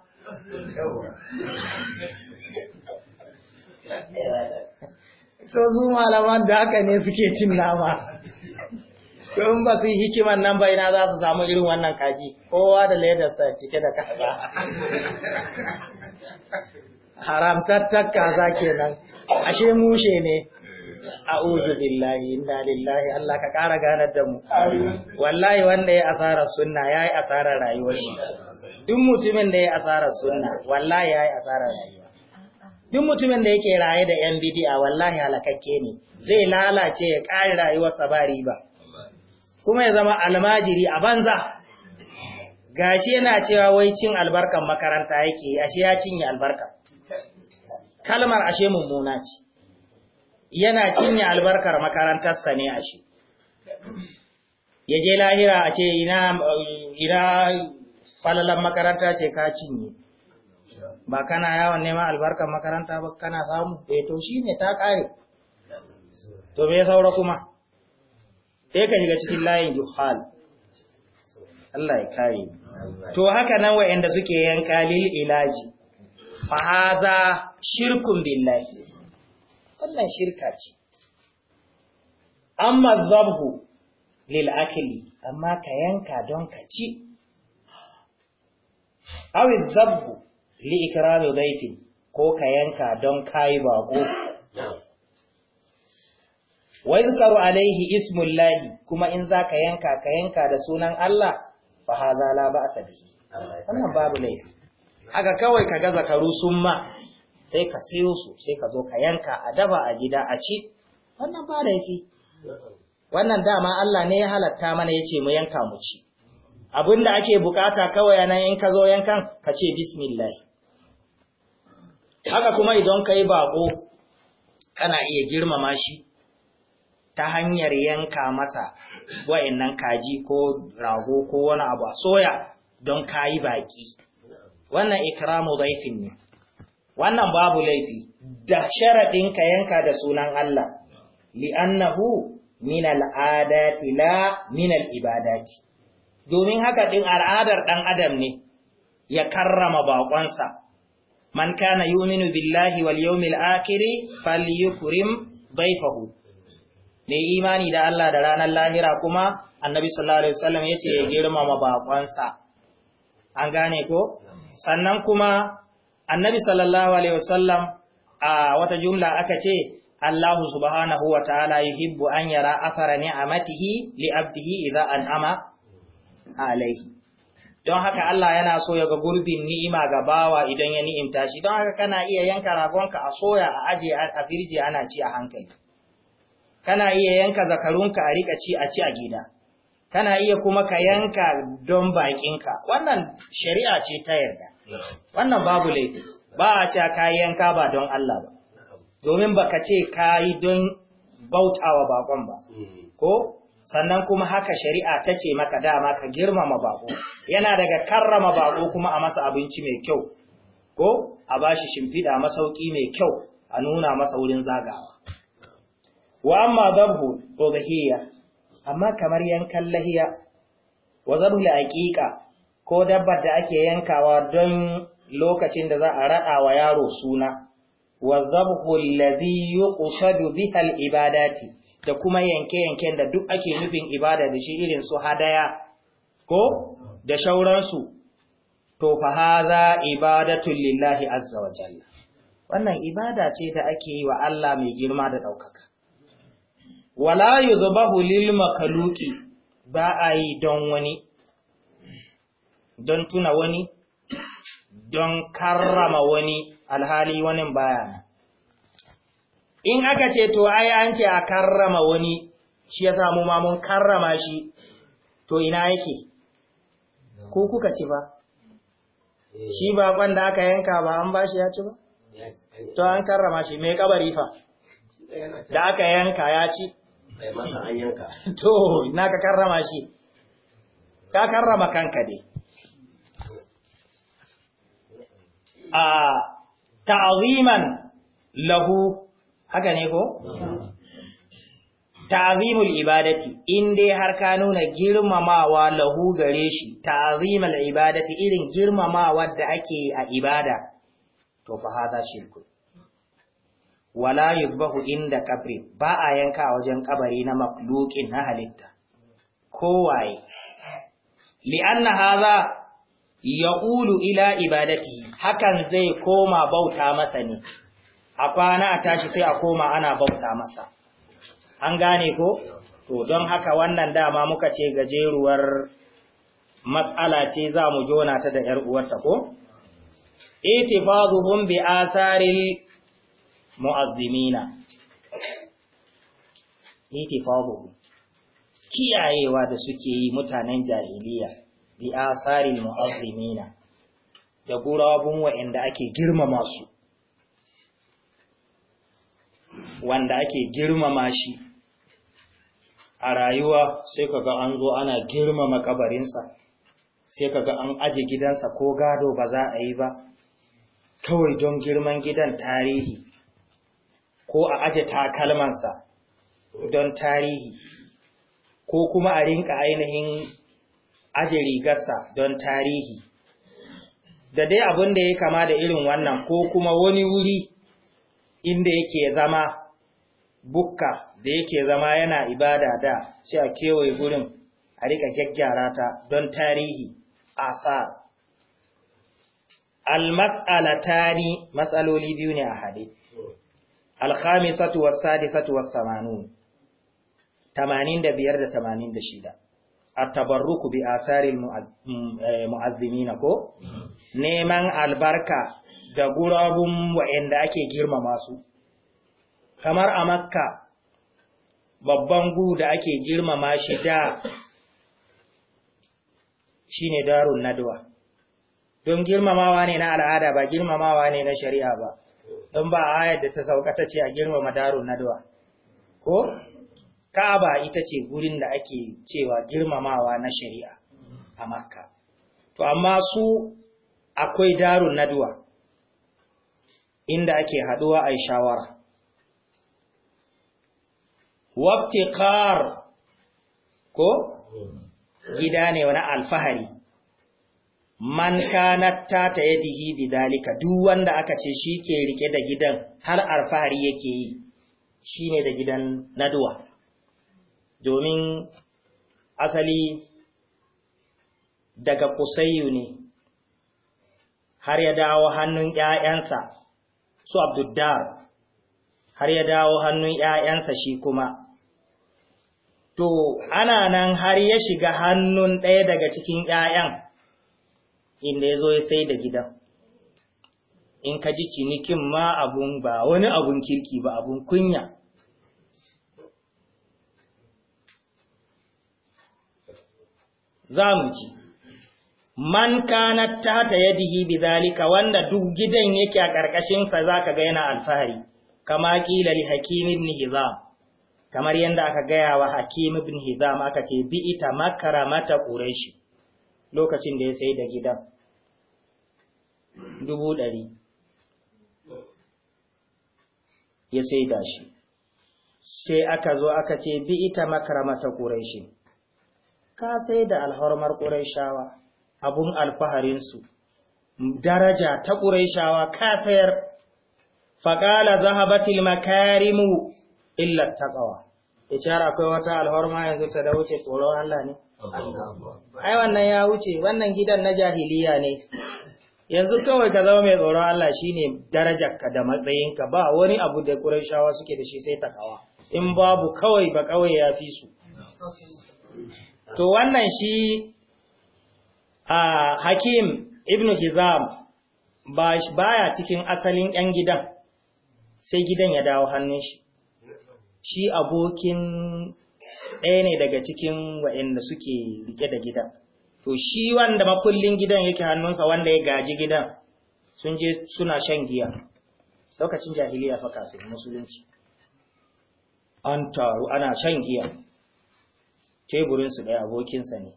to su malaman da haka ne suke cin nama don ba su yi hikimar nan ba ina za su samu irin wannan kaji kowa da ledarsa cike da kaza haramtattar kaza kenan ashe mushe ne a'udhu billahi inna lillahi Allah ka kara ganar da mu wallahi wanda ya suna, sunna yi asarar rayuwar shi duk mutumin da ya asara sunna wallahi ya yi asara rayuwa duk mutumin da yake raye da yan bidi'a wallahi halakakke ne zai lalace ya kare rayuwarsa ba riba kuma ya zama almajiri a banza gashi yana cewa wai cin albarkan makaranta yake ashe ya cinye albarka kalmar ashe mummuna ce yana cinye albarkar makarantarsa ne ashe ya je lahira a ce ina falalan makaranta ce ka cinye ba kana yawon neman albarkar makaranta ba kana samu eh, to shi ne ta kare to me saura kuma sai ka shiga cikin layin juhal Allah ya kare to haka nan wa'anda suke yanka lil ilaji fa haza shirkun billahi wannan shirka ce amma zabhu lil akli amma ka yanka don ka ci awi zabbu li ikrami daitin ko ka yanka don kayi bako wa yuzkaru alaihi ismullahi kuma in zaka yanka ka yanka da sunan Allah fa hadha la ba'sa bihi Sannan babu laifi haka kawai ka ga zakaru ma sai ka sayo su sai ka zo ka yanka a daba a gida a ci wannan ba laifi wannan dama Allah ne ya halatta mana yace mu yanka mu ci Abin da ake bukata kawai nan in ka zo yankan ka ce bismillah haka kuma idan ka yi bako kana iya girmama shi ta hanyar yanka masa wa'annan kaji ko rago ko wani abu a soya don ka yi baki wannan ikramu zaifin ne wannan babu laifi da sharaɗin ka yanka da sunan Allah li'annahu min al'adati la min al'ibadati domin haka ɗin al'adar ɗan adam ne ya karrama baƙonsa man kana yuminu billahi wal yawmil akhiri falyukrim baifahu mai imani da Allah da ranar lahira kuma annabi sallallahu alaihi wasallam yace ya girmama baƙonsa. an gane ko sannan kuma annabi sallallahu alaihi wasallam a wata jumla aka ce Allahu subhanahu wa ta'ala yuhibbu an yara athara ni'amatihi li abdihi idza an'ama alaihi don haka Allah yana so ya ga gurbin ni'ima ga bawa idan ya ni'imta shi don haka kana iya yanka ragonka a soya a aje a firji ana ci a hankali kana iya yanka zakarunka a rika ci a ci a gida kana iya kuma ka yanka don ka? wannan shari'a ce ta yarda wannan babu laifi ba a ce ka yanka ba don Allah ba domin baka ce ka yi don bautawa bakon ba mm. ko sannan kuma haka shari'a ta ce maka dama ka girmama bako yana daga karrama bako kuma a masa abinci mai kyau ko a bashi shimfiɗa masauki mai kyau a nuna masa wurin zagawa wa amma dabbu udhiyya amma kamar yankan lahiya wa la haqiqa ko dabbar da ake yankawa don lokacin da za a rada wa yaro suna wa zabhul ladhi yuqsadu biha al ibadati da kuma yanke-yanken da duk ake nufin ibada da shi irin su hadaya ko da shauransu to fa haza ibadatu lillahi azza wa jalla wannan ibada ce da ake yi wa Allah mai girma da ɗaukaka wala yuzbahu lil makaluki ba a yi don wani don tuna wani don karrama wani alhali wani baya in aka ce to ai an ce a karrama wani shi ya samu mamun karrama shi to ina yake ko kuka ci ba eh. shi ba da aka yanka ba an bashi ya ci ba to an karrama shi mai kabari fa da aka yanka ya ci to ina ka karrama shi ka karrama kanka dai a ta'aziman lahu haka ne ko ta'zimul ibadati in dai har ka nuna girmamawa lahu gare shi ta'zimul ibadati irin girmamawa da ake a ibada to fa hada shirku wala yubahu inda kabri ba a yanka wajen kabari na makhluqin na halitta kowaye anna hadha yaqulu ila ibadati hakan zai koma bauta masa ne a kwana a tashi sai a koma ana bauta masa an gane ko to don haka wannan dama muka ce gajeruwar matsala ce za mu jona ta da ‘yar uwarta ko? itifazuhum bi asaril mu'azzimina kiyayewa da suke yi mutanen jahiliya bi mu'azimina mu'azzimina da gurabun wa'anda ake girmama su wanda ake girmama shi a rayuwa sai kaga an zo ana girmama kabarinsa sai kaga an aje gidansa ko gado ba za a yi ba kawai don girman gidan tarihi ko a aje takalmansa don tarihi ko kuma a rinka ainihin aje rigarsa don tarihi da dai abin da ya kama da irin wannan ko kuma wani wuri inda yake zama bukka da yake zama yana ibada da sai a kewaye gurin a rika gyaggyara ta don tarihi asar tani matsaloli biyu ne a hade al-khamisatu was-sadisatu was-samanun 85 da 86 atabarruku tabarruku bi asarin mu'azzimina ko neman albarka da gurabun wa'anda ake girmama su kamar a makka babban gu da ake girmama shi da shine darun nadwa don girmamawa ne na al'ada ba girmamawa ne na shari'a ba don ba ayar da ta sauka ce a girmama darun nadwa ko Ka'aba ita ce gurin da ake cewa girmamawa na shari'a a Makka. To, amma su akwai darun naduwa inda ake haduwa a shawara. Waftikar ko gida ne wani alfahari, man na ta ta yadihi dalika duk wanda aka ce shi ke rike da gidan har alfahari yake yi shi ne da gidan naduwa. domin asali daga kusayyu ne har ya dawo hannun ‘ya'yansa su abduddar har ya dawo hannun ‘ya'yansa shi kuma to ana nan har ya shiga hannun ɗaya daga cikin ‘ya'yan inda ya zo ya sai da gidan in ka ji cinikin ma abun ba wani abun kirki ba abun kunya mu ci man ta tata yadihi bidhalika wanda duk gidan yake a karkashin sa zaka ga yana alfahari kama kila li hakim ibn hizam kamar yanda aka gaya wa hakim ibn hizam aka ce bi ita makaramata quraishi lokacin da ya sai da gidan dubu ɗari ya sai da shi sai aka zo aka ce bi ita makaramata quraishi ka sai da alhormar ƙuraishawa abun alfaharinsu daraja ta ƙuraishawa ka sayar faƙala zahabatil makarimu illar Ya icar akwai wata alhorma yanzu ta da wuce tsoro Allah ne ai wannan ya wuce wannan gidan na jahiliya ne yanzu kawai ka zama mai tsoro Allah shine ka da matsayinka ba wani abu da ƙuraishawa suke da shi sai taqwa in babu kawai ba kawai ya fi su to wannan shi a hakim ibn hizam ba baya cikin asalin yan gidan sai gidan ya dawo hannun shi shi abokin ɗaya ne daga cikin waɗanda suke rike da gidan to shi wanda makullin gidan yake hannunsa wanda ya gaji gidan sun je suna shan giya lokacin jahiliya fa kafin musulunci an taru ana shan giya teburinsu ɗaya abokinsa ne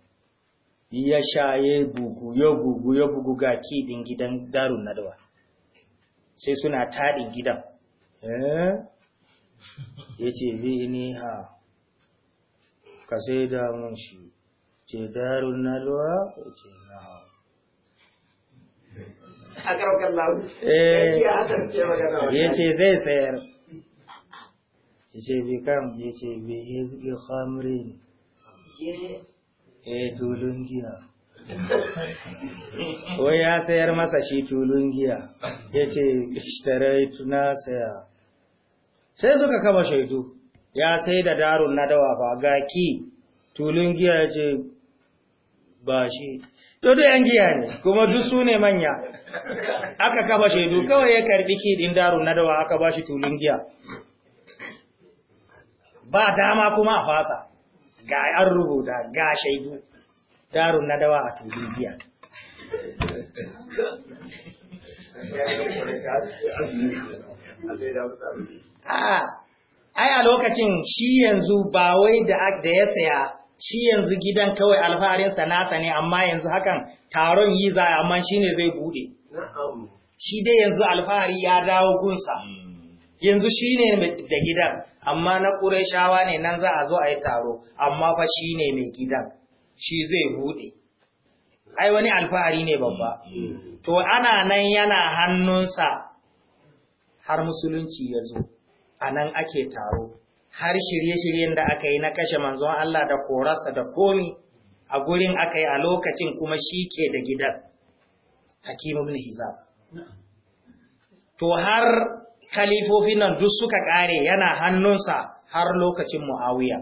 ya sha ya bugu ya bugu ya bugu ga kiɗin gidan darun nadawa sai suna taɗin gidan eh? ya ce bi ni ha ka sai damun shi ce darun nadawa ya ce na eh. ha ya ce zai sayar ya ce bi kam ya ce bi yi ne. eh tulun giya wai ya sayar masa shi tulun giya ya ce ishtaraitu na saya sai suka kama shaidu ya sai da darun na dawa ba ga ki tulun giya ya ce ba shi dodo yan giya ne kuma duk su ne manya aka kama shaidu kawai ya karbi kiɗin darun na dawa aka ba shi tulun giya ba dama kuma a fasa ga an rubuta ga shaidu darun na dawa a tunibiya ai a lokacin shi yanzu ba wai da ya saya shi yanzu gidan kawai alfaharin sanata ne amma yanzu hakan taron yi za amma shi ne zai bude shi dai yanzu alfahari ya dawo gunsa hmm. yanzu shi ne da gidan amma na shawa ne nan za a zo a yi taro amma fa shi ne mai gidan shi zai buɗe ai wani alfahari ne babba to ana nan yana hannunsa har musulunci ya zo a nan ake taro har shirye-shiryen da aka yi na kashe manzon Allah da korarsa da komi a gurin aka yi a lokacin kuma shi ke da gidan hakimun hizab to har kalifofin nan duk suka ƙare yana hannunsa har lokacin mu'awiya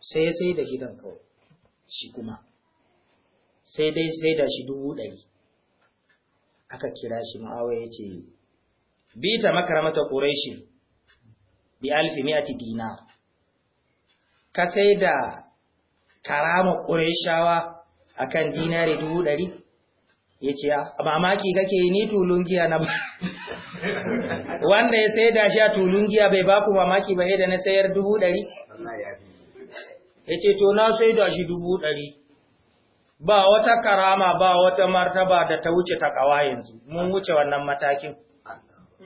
sai sai da gidan kawai shi kuma sai dai sai da shi dubu ɗari aka kira shi mu'awiya ya ce bita makaramata ƙureshi bi alfi mi'ati dinar ka sai da karama ƙureshawa a kan dinari dubu ɗari ya ce a ah, mamaki kake ni tulungiya na ba wanda ya sai da sha tulun giya bai ba ku mamaki ba da na sayar dubu ɗari ya ce to na sai da shi dubu ɗari ba wata karama ba wata martaba da ta wuce ta kawa yanzu mun wuce wannan matakin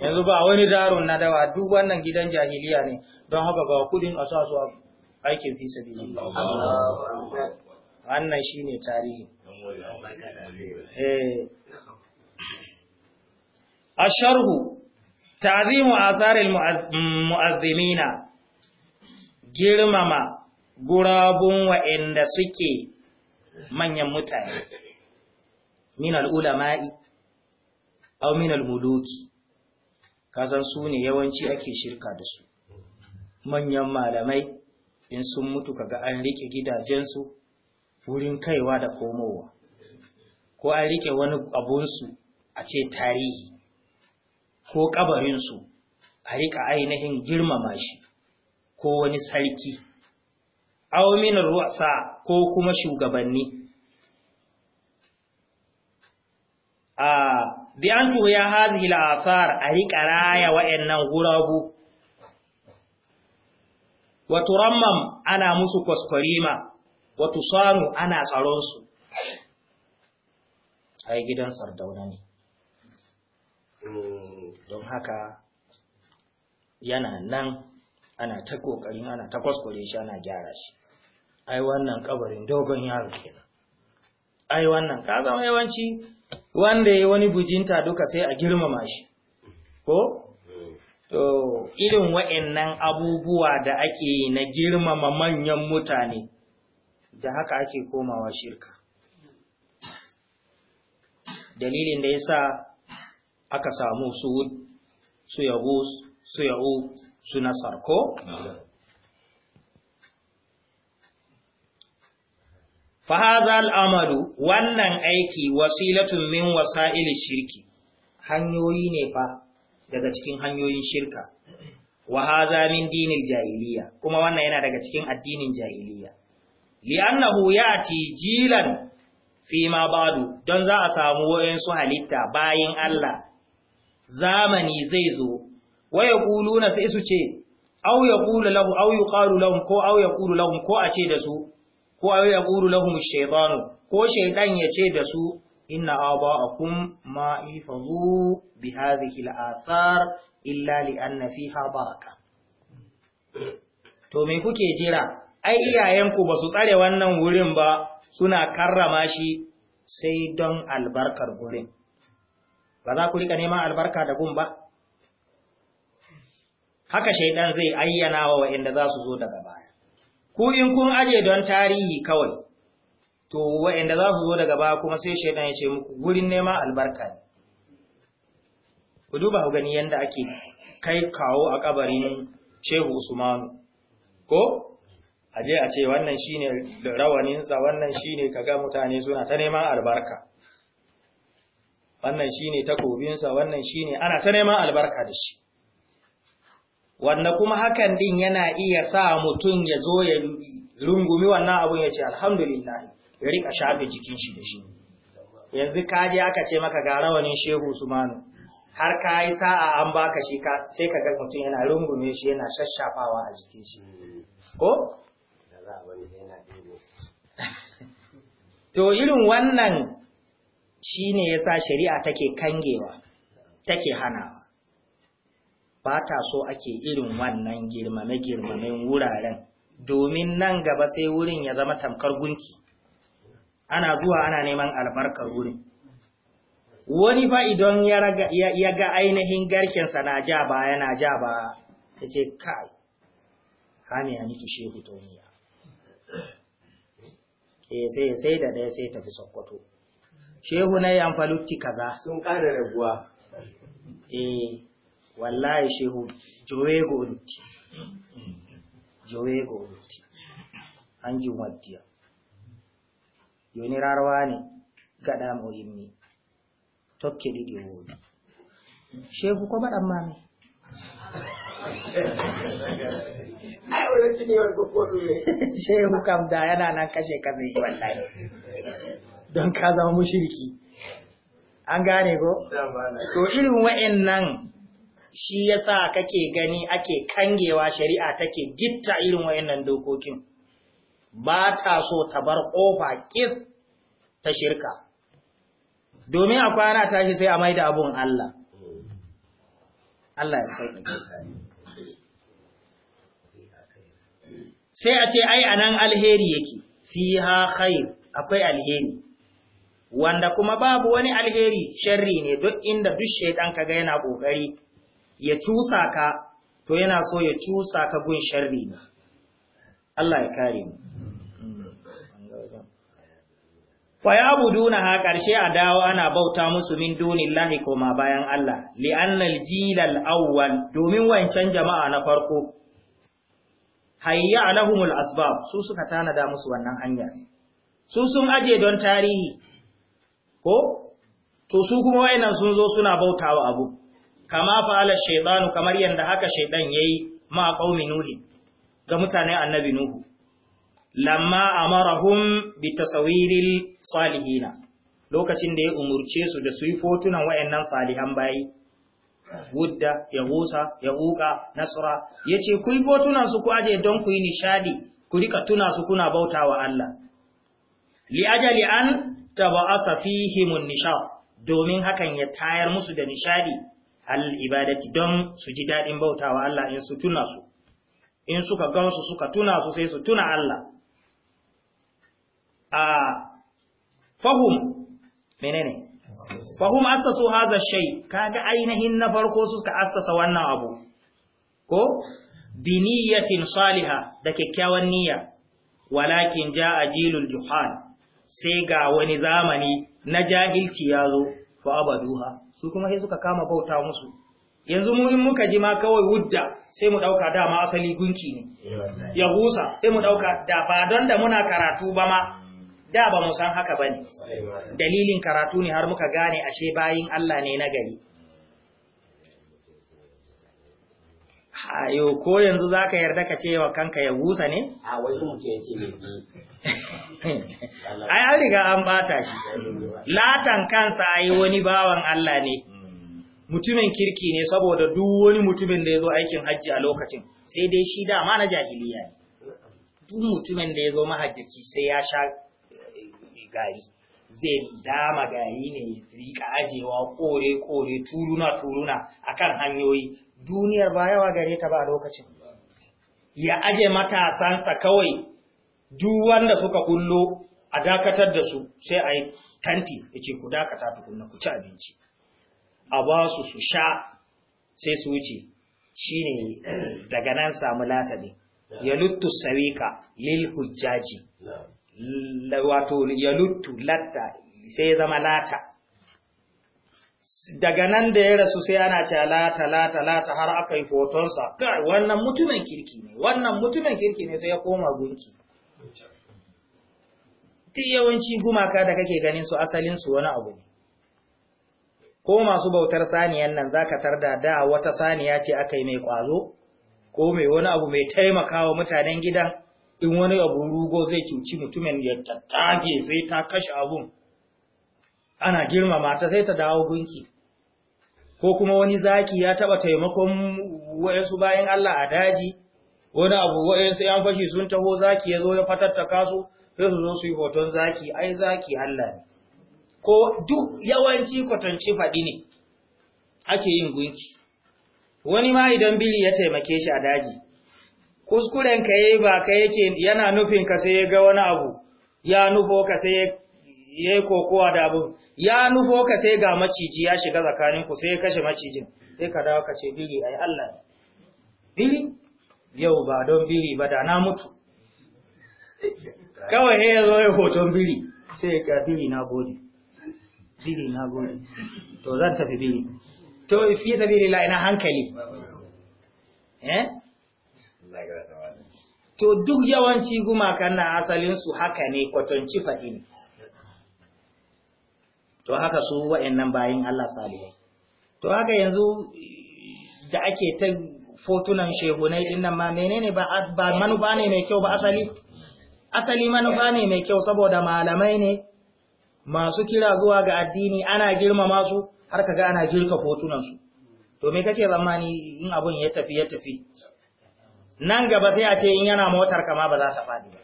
yanzu ba wani darun na dawa duk wannan gidan jahiliya ne don haka ga kudin a sa su aikin fi biyu. wannan shine tarihi eh asharhu ta'zimu atharil mu'azzimina girmama gurabun wa'anda suke manyan mutane min al'ulama'i aw min muluki kasan su ne yawanci ake shirka da su manyan malamai in sun mutu kaga an rike gidajensu wurin kaiwa da komowa ko an rike wani abunsu a ce tarihi ko kabarinsu a riƙa ainihin girmama shi ko wani sarki aumin ruwasa ko kuma shugabanni a bi an tuya hadhihi a riƙa raya wayannan gurabu wato ramman ana musu kwaskwarima wato sanu ana tsaronsu su ai gidan sardauna ne hmm. don haka yana nan ana ta kokarin ana ta kwaskware shi ana gyara shi ai wannan kabarin dogon yaro kenan ai wannan ka zama yawanci wanda ya wani bujinta duka sai a girmama shi ko to irin wa'annan abubuwa da ake yi na girmama manyan mutane da haka ake komawa shirka dalilin da yasa aka samu su wud su yabo su yau su nasar fahaza al'amalu wannan aiki wasilatun min wasa'il shirki hanyoyi ne fa daga cikin hanyoyin shirka wahaza min dinin jahiliya kuma wannan yana daga cikin addinin jahiliya li'annahu ya jilan fi ma badu don za a samu su halitta bayan Allah zamani zai zo waya na sai su ce au ya kulu lahu au ya qalu lahum ko au ya kulu lahum ko a ce da su ko au ya kulu lahum shaytanu ko shaydan ya ce da su inna aba'akum ma ifazu bi hadhihi al-athar illa li anna fiha baraka to me kuke jira ai iyayenku ba su tsare wannan wurin ba suna karrama shi sai don albarkar gurin ba za ku rika neman albarka da gun ba haka shaidan zai ayyana wa waɗanda za su zo daga baya ku in kun aje don tarihi kawai to waɗanda za su zo daga baya kuma sai shaidan ya ce muku gurin neman albarka ne ku duba ku gani yadda ake kai kawo a kabarin shehu usmanu ko aje a ce wannan shine rawaninsa wannan shine kaga mutane suna ta neman albarka wannan shine takobinsa wannan shine ana ta neman albarka da shi wanda kuma hakan din yana iya sa mutum ya zo ya rungumi wannan abun ya ce alhamdulillah ya rika shafe jikin shi da shi yanzu ka je aka ce maka ga rawanin shehu sumanu har ka yi sa'a an baka shi sai ka ga mutum yana rungume shi yana shashafawa a jikin shi ko to irin wannan shi ne ya sa shari'a take kangewa take hanawa ba ta so ake irin wannan girmame-girmamen wuraren domin nan gaba sai wurin ya zama tamkar gunki ana zuwa ana neman albarkar wurin wani fa idan ya ga ainihin garkinsa na ja ba yana ja ba ya ce kai hami ya niki shehu toniya eh, sai da ɗaya sai tafi sokoto shehu na yan falutti kaza sun ƙara raguwa eh wallahi shehu jowego lutti, jowego lutti, an yi waddiya yoni rarawa ne gada muhimmi tokke ɗiɗi wodi shehu ko baɗan ne shehu kam da yana nan kashe kame wallahi don ka zama mushriki an gane ko to irin wa'annan shi yasa kake gani ake kangewa shari'a take gitta irin wa'annan dokokin ba ta so ta bar kofa kif ta shirka domin a kwana tashi sai a maida abun Allah Allah ya sauke sai a ce ai anan alheri yake fiha khair akwai alheri wanda kuma babu wani alheri sharri ne duk inda duk shaidan kaga yana kokari ya cusa ka to yana so ya cusa ka gun sharri ne Allah ya kare mu fa ya'buduna ha karshe a dawo ana bauta musu min dunillahi koma bayan Allah annal jilal awwal domin wancan jama'a na farko hayya alahumul asbab su suka da musu wannan hanya su sun aje don tarihi ko to su kuma wayannan sun zo suna bautawa abu kama fa'ala shaytanu kamar yanda haka shaydan yayi ma qaumi nuhi ga mutane annabi nuhu lamma amarahum bitasawiril salihin salihina lokacin da ya umurce su da su yi fotunan wayannan salihan bayi wudda ya husa ya uka nasra yace ce ku yi fotunan su ku aje don ku yi nishadi ku rika tuna su kuna bauta wa Allah li ajali an ta ba'asa fihimun nisha domin hakan ya tayar musu da nishadi al ibadati don su ji dadin bautawa Allah in su tuna su in suka gansu suka tuna su sai su tuna Allah a fahum menene fahum assasu hadha shay kaga ainihin na farko suka assasa wannan abu ko biniyatin salihah da kyakkyawan niyya walakin jaa jilul juhal sai ga wani zamani na jahilci ya zo fa abaduha su kuma sai suka kama bauta musu yanzu mu in muka ji ma kawai wudda sai mu dauka dama asali gunki ne ya husa sai mu dauka da ba don da muna karatu ba ma da ba mu san haka bane dalilin karatu ne har muka gane ashe bayin Allah ne na gari Ayo ko yanzu za ka yarda ka ce wa kanka ya busa ne? A wai kuma ke ce ne. Ai, an riga an bata shi. Latan kansa ai wani bawan Allah ne. Mutumin kirki ne saboda duk wani mutumin da ya zo aikin hajji a lokacin, sai dai shi dama na jahiliya ne. Duk mutumin da ya zo mahajjaci sai ya sha eh, gari. Zai dama gari ne, rika ajewa kore-kore, turuna-turuna akan hanyoyi, duniyar ba yawa gare ta ba a lokacin ya aje matasansa kawai duk wanda suka kullo a dakatar da su sai a yi tanti ya ce ku dakata tukunna ku ci abinci a ba su su sha sai su wuce shi ne daga nan samu latani ya luttu sarika lil hujjaji wato ya luttu latta sai zama lata daga nan da ya rasu sai ana ce lata lata lata har aka yi fotonsa kai wannan mutumin kirki ne wannan mutumin kirki ne sai ya koma gunki duk yawanci gumaka da kake ganin su asalin su wani abu ne ko masu bautar saniyan nan zaka tarda da wata saniya ce aka yi mai kwazo ko mai wani abu mai taimakawa mutanen gidan in wani abu rugo zai cuci mutumin ya tattage sai ta kashe abun ana girmama ta sai ta dawo gunki ko kuma wani zaki ya taba taimakon wayansu bayan Allah a daji wani abu wayansu yan fashi sun taho zaki ya zo ya fatattaka su sai su zo su yi hoton zaki ai zaki Allah ko duk yawanci kwatanci faɗi ne ake yin gunki wani ma idan bili ya taimake shi a daji kuskuren ka yi ba ka yake yana nufin ka sai ya ga wani abu ya nufo ka sai ya yi kokowa da abu ya nufo ka sai ga maciji ya shiga tsakaninku sai ya kashe macijin sai ka dawo ka ce biri ai Allah ne biri yau ba don biri ba da na mutu kawai ya zo ya hoton biri sai ga biri na gode biri na gode to zan tafi biri to fi biri la ina hankali eh to duk yawanci gumakan na asalinsu haka ne kwatanci faɗi ne to haka su waɗannan bayin Allah salihai to haka yanzu da ake ta fotunan shehunai din nan ma menene ba ba manufa ne mai kyau ba asali asali manufa ne mai kyau saboda malamai ne masu kira zuwa ga addini ana girmama su har kaga ana girka fotunan su to me kake zamani in abun ya tafi ya tafi nan gaba sai a ce in yana motar kama ba za ta faɗi ba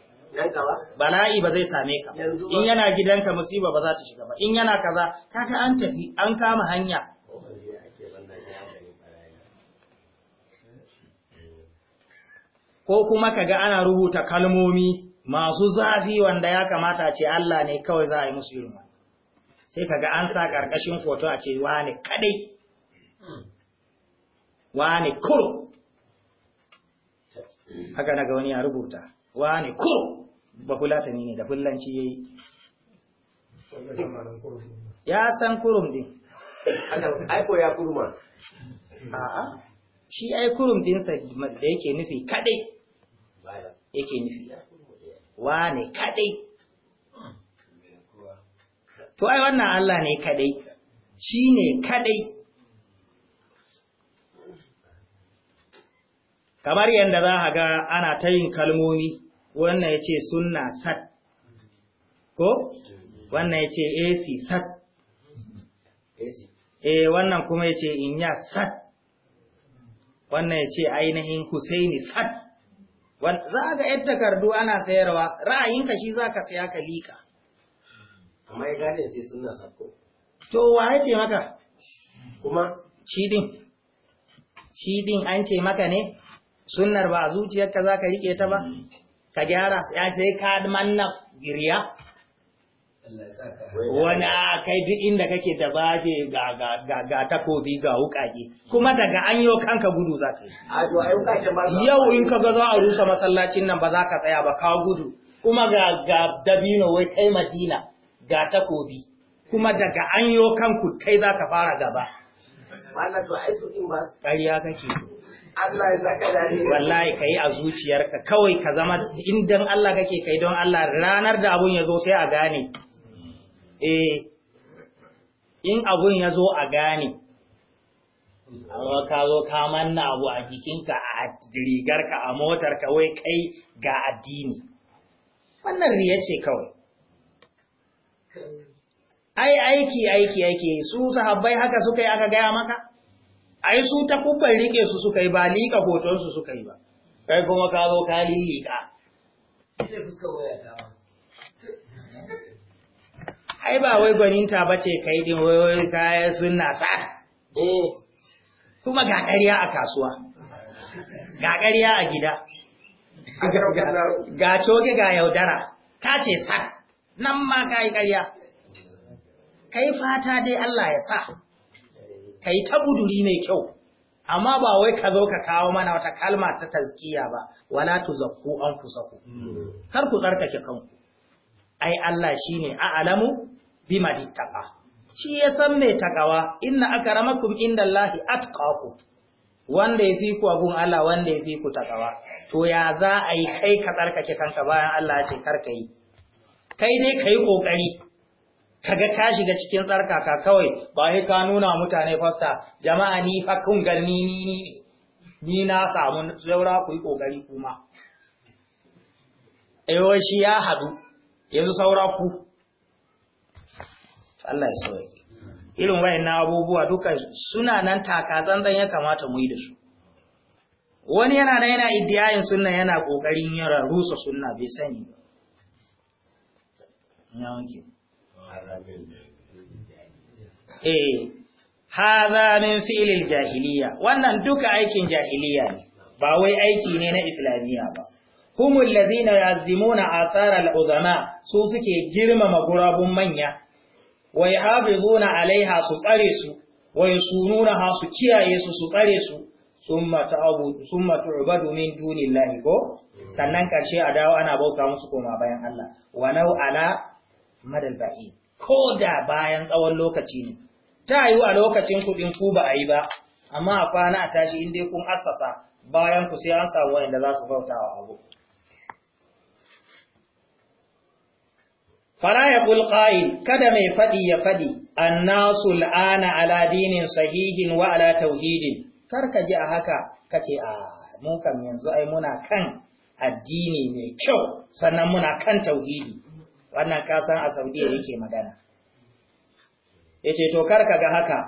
bala'i ba zai same ka in yana gidanka musiba ba za ta shiga ba in yana kaza kaga an tafi an kama hanya ko kuma kaga ana rubuta kalmomi masu zafi wanda ya kamata ce Allah ne kawai za a yi musu yurma sai kaga an sa ƙarƙashin foto a ce Wani kadai Wani kuro haka daga wani ya rubuta Wani kuro bafulatani ne da fullanci ya yi ya san kurum din aiko ya kurma a'a shi ai kurum dinsa da yake nufi kadai yake nufi Wa ne kadai to ai wannan Allah ne kadai shi ne kadai kamar yadda za a ga ana ta yin kalmomi wannan ya ce sunna sat ko wannan ya ce ac sat eh wannan kuma ya ce inya sat wannan ya ce ainihin husaini sat za ga yadda takardu ana sayarwa ra'ayinka shi za ka saya ka lika amma ya gane sai suna sako to wa ya ce maka kuma shi din an ce maka ne sunnar ba a zuciyarka za ka rike ta ba mm. ka gyara ya sai ka manna giriya wani a kai duk inda kake da ce ga takobi ga wukaki kuma daga an yi kanka gudu za ka yi yau in ka ga za a rusa masallacin nan ba za ka tsaya ba ka gudu kuma ga dabino wai kai madina ga takobi kuma daga an yi kanku kai za ka fara gaba kariya kake Allah ya saka dare wallahi kai a zuciyarka kawai ka zama indan Allah kake kai don Allah ranar da abun ya zo sai a gane eh in abun ya zo a gane amma ka zo ka manna abu a jikinka a rigarka a motarka wai kai ga addini wannan riya ce kawai ai aiki aiki aiki su sahabbai haka suka yi aka gaya maka ai su ta kubban rike su suka yi ba liƙa hoton su suka yi ba kai kuma ka zo ka liƙa ai ba wai gwaninta ba ce kai din wai wai kayan sunna sa eh. kuma ga ƙarya a kasuwa ga ƙarya a gida ga coge ga yaudara ka ce sa nan ma ka yi ƙarya kai fata dai Allah ya sa ka yi ta guduri mai kyau amma ba wai ka zo ka kawo mana wata kalma ta tazkiya ba wala tu an anfusakum kar ku tsarkake kanku ai Allah shine a'lamu bima dittaqa shi ya san mai takawa inna akramakum indallahi atqaku wanda ya fi ku agun Allah wanda ya fi ku takawa to ya za a yi kai ka tsarkake kanka bayan Allah ya ce kar ka yi kai dai ka yi ƙoƙari kaga ka shiga cikin tsarka ka kawai ba sai ka nuna mutane fasta jama'a ni fa kun garni ni ni ni na samu zaura ku yi kokari kuma eh, ayo shi ya hadu yanzu saura ku Allah ya sauke irin wayannan abubuwa duka suna nan taka tsantsan ya kamata mu yi da su wani yana da yana iddiyayin sunna yana kokarin yara rusa sunna bai sani ba eh haza min fi'lil jahiliya wannan duka aikin jahiliya ne ba wai aiki ne na islamiya ba humul ladina yazimuna athara al-udama su suke girmama gurabun manya wai habizuna alaiha su tsare su Wai sununa ha su kiyaye su su tsare su summa ta'abu summa tu'badu min dunillahi ko sannan karshe a dawo ana bauta musu koma bayan Allah wa nau ala madal ba'id ko da bayan tsawon lokaci ne ta yi a lokacin kuɗin ku ba a yi ba amma a kwana a tashi inda kun asasa, bayan ku sai an samu wanda za su bauta wa abu fala ya kada mai faɗi ya faɗi annasu la'ana ala dinin sahihin wa ala tauhidin kar ka ji a haka kace a muka yanzu ai muna kan addini mai kyau sannan muna kan tauhidi wannan kasan a saudiya yake magana ya ce to karka ga haka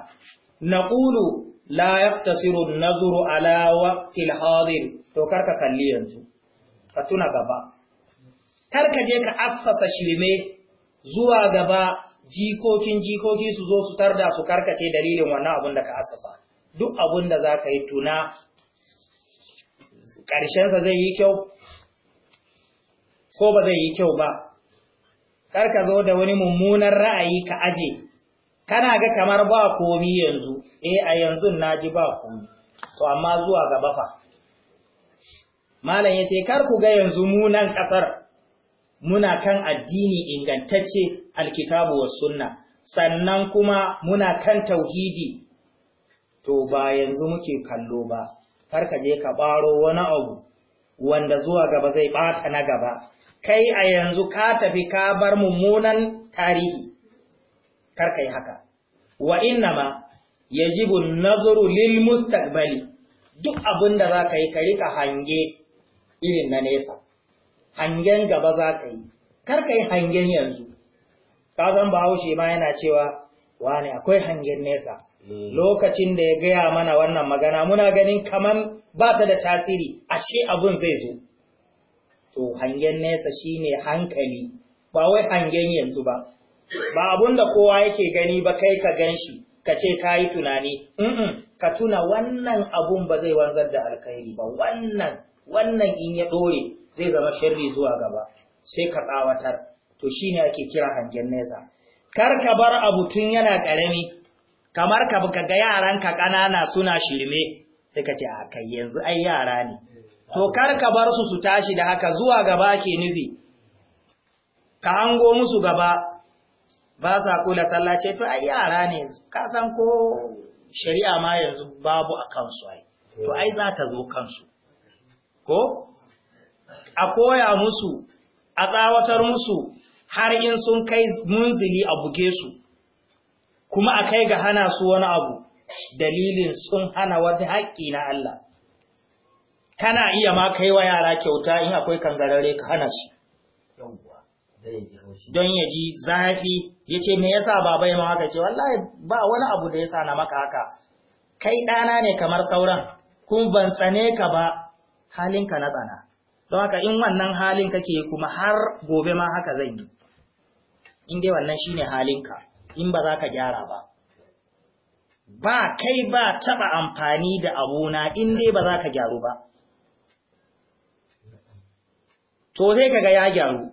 na ƙulu la yaftasiru nazuru ala waqtil hadir to karka kalli yanzu ka tuna gaba karka je ka assasa shirme zuwa gaba jikokin jikoki su zo su tarda su karkace dalilin wannan abun da ka assasa duk abun da za ka yi tuna ƙarshensa zai yi kyau ko ba zai yi kyau ba kar ka zo da wani mummunan ra'ayi ka aje kana ga kamar ba komi yanzu eh a yanzu na ji ba komi to amma zuwa gaba fa malam yace kar ku ga yanzu mu nan kasar muna kan addini ingantacce alkitabu was sunna sannan kuma muna kan tauhidi to ba yanzu muke kallo ba kar ka je ka ɓaro wani abu wanda zuwa gaba zai ɓata na gaba kai a yanzu ka tafi ka bar mummunan tarihi kar yi haka wa innama ya ji lil mustaqbali duk abinda ka yi ka rika hange irin na nesa hangen gaba za ka yi kar yi hangen yanzu ka bahaushe ma yana cewa ne akwai hangen nesa mm. lokacin da ya gaya mana wannan magana muna ganin kamar ba ta da tasiri ashe abun zai zo to hangen nesa shine hankali ba wai hangen yanzu ba ba abun da kowa yake gani ba kai ka ganshi ka ce ka yi tunani ka tuna wannan abun ba zai wanzar da alkhairi ba wannan wannan in ya dore zai zama sharri zuwa gaba sai ka tsawatar to shine ake kira hangen nesa kar ka bar abu tun yana karami kamar ka ga yaranka ƙanana suna shirme sai ka ce a kai yanzu ai yara ne to kar ka bar su su tashi da haka zuwa gaba ke nufi ka hango musu gaba ba sa kula sallah to ai yara ne ka san ko shari'a ma yanzu babu a kansu ai to ai za ta zo kansu ko a koya musu a tsawatar musu har in sun kai munzili a buge su kuma a kai ga hana su wani abu dalilin sun hana wani haƙƙi na Allah kana iya ma kai wa yara kyauta in akwai kangarare ka hana shi don ya ji zafi ya ce me yasa baba ya haka ce wallahi ba wani abu da ya sa na maka haka kai ɗana ne kamar sauran kuma ban tsane ka ba halinka na tsana don haka in wannan halin kake kuma har gobe ma haka zan yi in dai wannan shine halinka in ba za ka gyara ba ba kai ba taɓa amfani da abuna in dai ba za ka gyaru ba to sai kaga ya gyaru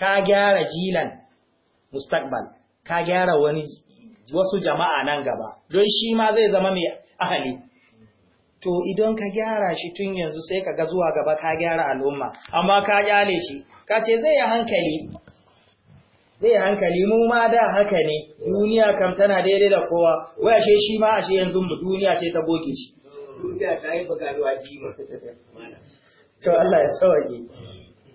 ka gyara jilan mustaqbal ka gyara wani wasu jama'a nan gaba don shi ma zai zama mai ahali to idan ka gyara shi tun yanzu sai kaga zuwa gaba ka gyara al'umma amma ka kyale shi ka ce zai hankali zai hankali mu ma da haka ne duniya kam tana daidai da kowa wai shi ma ashe yanzu duniya ce ta goge shi duniya ta yi bugaruwa jima to Allah ya sauke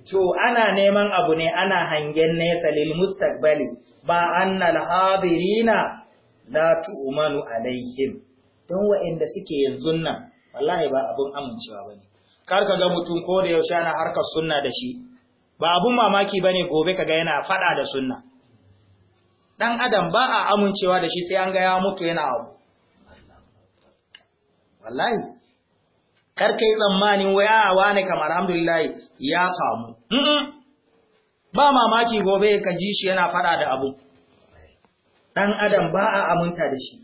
to ana neman abu ne ana hangen nesa lil mustaqbali ba annal hadirina la tu'manu alaihim don wa'anda suke yanzu nan wallahi ba abun amincewa bane kar ka ga mutum ko da yaushe ana harkar sunna da shi ba abun mamaki bane gobe kaga yana fada da sunna dan adam ba a amincewa da shi sai an ga ya mutu yana abu wallahi kar kai tsammanin wai a ah, wani kamar alhamdulillah ya samu ba mamaki gobe ka ji shi yana fada da abu dan adam ba a aminta da shi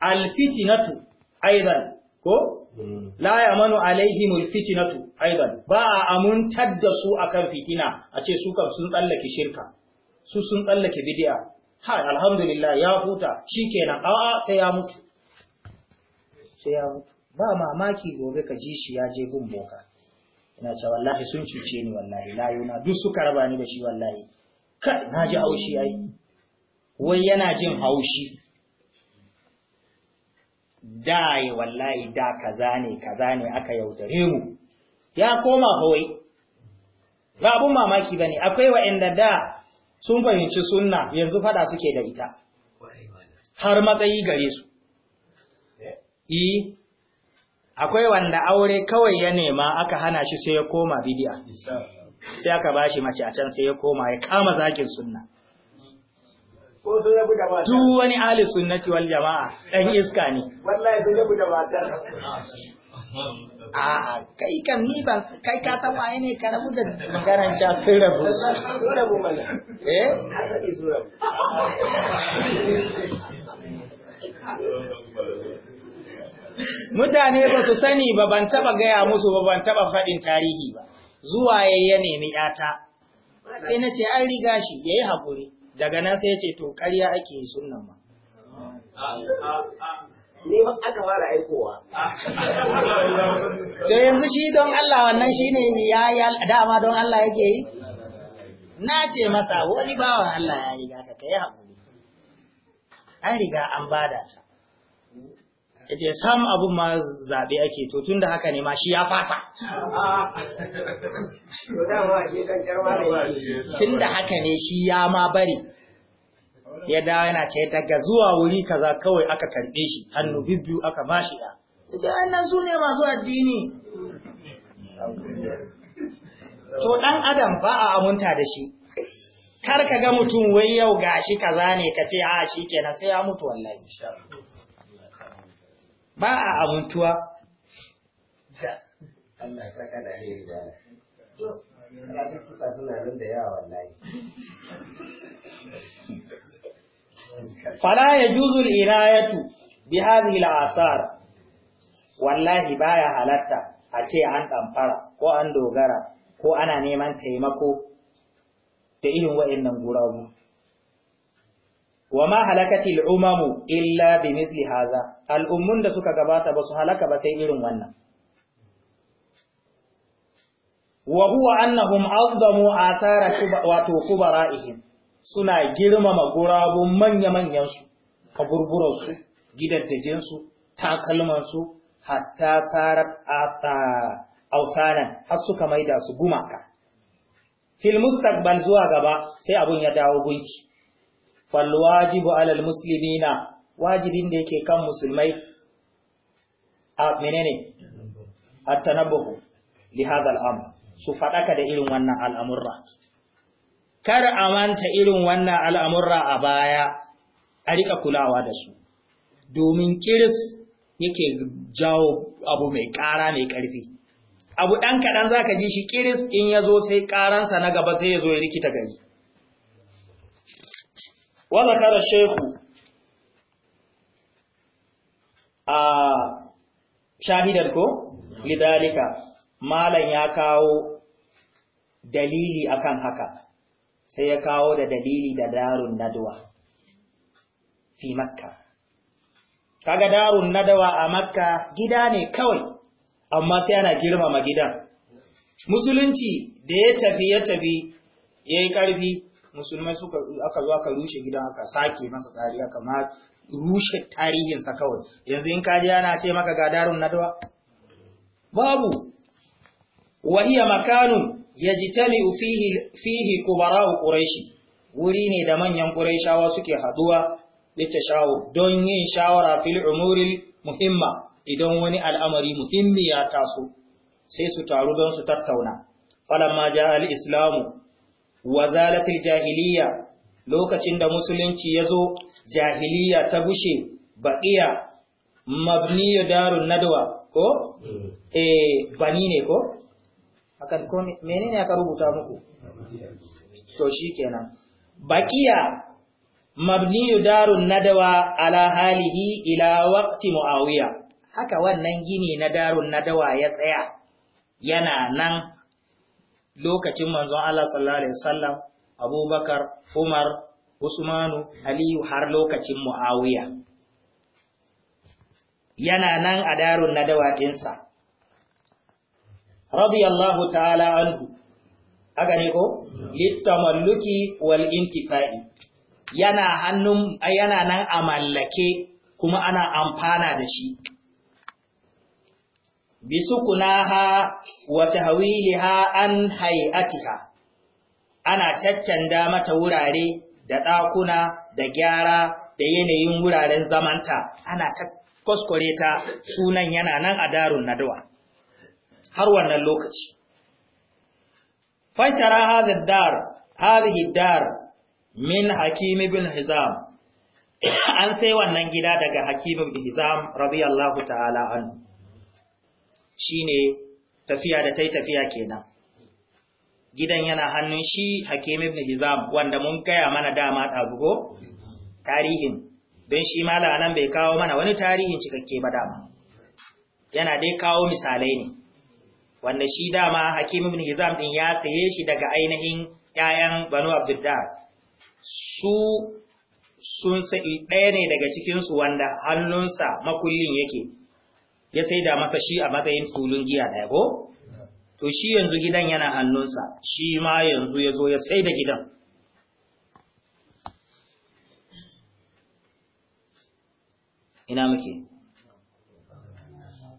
alfitinatu aidan ko mm. la yamanu alaihimul fitinatu aidan ba a aminta da su akan fitina a ce su kan sun tsallake shirka su sun tsallake bid'a ha alhamdulillah ya huta shikenan a'a sai ya mutu sai ya mutu ba mamaki gobe ka ji shi ya je gun boka ina cewa wallahi sun cuce ni wallahi layuna duk suka raba ni da shi wallahi ka na ji haushi ai wai yana jin haushi da ya wallahi da kaza ne kaza ne aka yaudare mu ya koma hawai ba abun mamaki bane akwai wa'anda da sun fahimci sunna yanzu fada suke da ita har matsayi gare su eh e, akwai wanda aure kawai ya nema aka hana shi sai ya koma bidiya sai aka bashi mace a can sai ya koma ya kama zakin sunna duk wani ahli sunnati wal jama'a dan iska ne wallahi sun yabu da matar a'a kai kan ni ban kai ka san waye ne ka rabu da maganar sha sun rabu eh mutane ba su sani ba ban taba gaya musu ba ban taba faɗin tarihi ba zuwa ya nemi yata sai na ce an riga shi ya yi haƙuri daga nan sai ya ce to ƙarya ake yi sunan ma ba. aka fara aikowa to yanzu shi don Allah wannan shi ne ya dama don Allah yake yi na ce masa wani bawan Allah ya riga ka kai haƙuri an riga an bada ta ya ce sam abin ma zaɓe ake to tun da haka ne ma shi ya fasa tun da haka ne shi ya ma bari ya dawo yana ce daga zuwa wuri kaza kawai aka karɓe shi hannu bibbiyu aka ba shi ya ce wannan su ne masu addini to ɗan adam ba a amunta da shi kar ka ga mutum wai yau gashi kaza ne ka ce a ah, shi kenan sai ya mutu wallahi ba a amintuwa Allah ya saka da alheri da Allah suna nan da yawa wallahi fala yajuzu al-inayatu bi hadhihi al wallahi baya halatta a ce an ɗamfara ko an dogara ko ana neman taimako da irin wa'annan gurabu wa ma halakatil umamu illa bi misli haza al'ummun da suka gabata ba su halaka ba sai irin wannan wa huwa annahum azdamu athara wato kubara'ihim suna girmama gurabun manya-manyan su kaburburan su gidaddajin su takalman su hatta sarat ausanan har suka maida su gumaka fil mustaqbal zuwa gaba sai abun ya dawo gunki falwajibu alal na wajibin da yake kan musulmai a menene at-tanabbuh li hadha su faɗaka da irin wannan al'amurra kar a manta irin wannan al'amurra a baya a rika kulawa da su domin kiris yake jawo abu mai ƙara mai ƙarfi abu ɗan kaɗan za ka ji shi ƙiris in ya zo sai ƙaransa na gaba sai ya zo ya rikita gari وذكر الشيخ آه شاهدا كو لذلك malam ya kawo dalili akan haka sai ya kawo da dalili da darun nadawa fi makka kaga darun nadawa a makka gida ne kawai amma sai ana girmama gidan musulunci da ya tafi ya tafi ya yi ƙarfi musulmai suka aka zo aka rushe gidan aka sake masa tsari aka ma rushe sa kawai yanzu in ka ji ana ce maka ga darun nadwa babu hiya makanun yajtami fihi fihi kubara quraishi wuri ne da manyan quraishawa suke haduwa shawo don yin shawara fil umuril muhimma idan wani al'amari muhimmi ya taso sai su taru don su tattauna falamma ja al-islamu wa zalatil jahiliya lokacin da musulunci ya zo jahiliya ta bushe baƙiya mabniyo darun nadawa ko? eh bani ne ko? ko aka rubuta muku? to shi kenan baƙiya mabniyu darun nadawa ala halihi ila waqti muawiya haka wannan gini na darun nadawa ya tsaya yana nan lokacin manzon Allah sallallahu alaihi wasallam Abubakar Umar Usmanu Aliyu har lokacin Muawiya yana nan a darun nadawa dinsa radiyallahu ta'ala anhu aga ne ko litamalluki wal intifa'i yana hannun yana nan a mallake kuma ana amfana da shi bisukunaha wa tahwiliha an hay'atiha ana caccanda mata wurare da ɗakuna da gyara da yanayin wuraren zamanta ana ta sunan yana nan a darun nadwa har wannan lokaci faitara hadhihi dar hadhihi dar min hakim ibn hizam an sai wannan gida daga hakim ibn hizam radiyallahu ta'ala anhu shine tafiya da ta tafiya kenan gidan yana hannun shi hakim ibn hizam wanda mun gaya mana dama ɗazugo tarihin don shi mala nan bai kawo mana wani tarihin cikakke ba dama yana dai kawo misalai ne wanda shi dama hakim ibn hizam din ya saye shi daga ainihin 'ya'yan banu abdullahi su sun sai ɗaya ne daga cikinsu wanda hannunsa makullin yake ya da masa shi a matsayin tulun giya ɗaya ko? To shi yanzu gidan yana hannunsa, shi ma yanzu ya zo ya sai da gidan. Ina muke?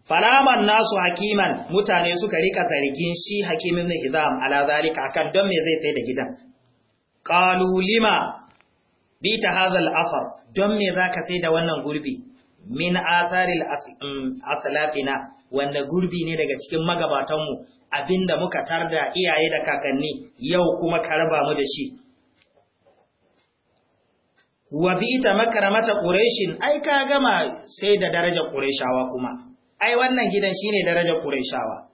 Falaman nasu hakiman mutane suka rika zargin shi hakimin na hizam ala zalika akan don me zai sai da gidan. Ƙalulima, bi ta hazal afar, don me za ka sai da wannan gurbi? min asaril asalafina mm, wanda gurbi ne daga cikin magabatanmu abinda muka tarda iyaye da kakanni yau kuma karba mu da shi wa bi makaramata quraishin ai ka gama sai da daraja quraishawa kuma ai wannan gidan shine daraja quraishawa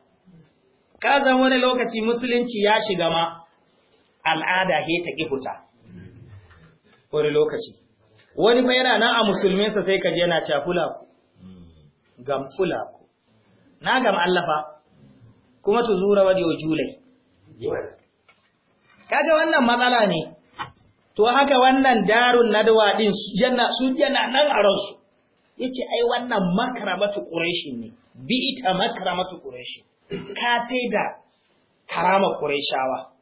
ka zan wani lokaci musulunci ya shiga ma al'ada he ta kifuta wani lokaci wani ma yana nan a musulminsa sai kaje yana cakula ku hmm. gamfula ku na gam Allah fa kuma zura wadi wa julai kaga wannan matsala ne to haka wannan darun nadwa din su yana nan a ransu yace ai wannan makramatu quraishi ne bi ita makramatu quraishi ka sai da karama quraishawa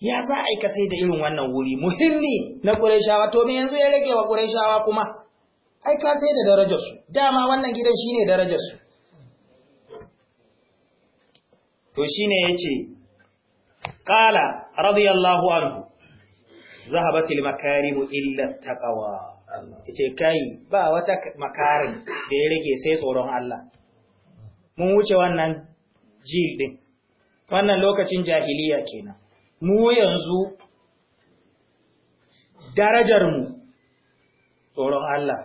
ya za a yi ka sai da irin wannan wuri muhimmi na ƙuraishawa to yanzu ya rage wa ƙurayshawa kuma ai ka sai da darajarsu dama wannan gidan shine darajarsu to shine yace qala radiyallahu anhu zahabatil makarimu illa taqwa yace kai ba wata makarin da ya rage sai tsoron Allah mun wuce wannan jil din wannan lokacin jahiliya kenan mu yanzu darajarmu tsoron Allah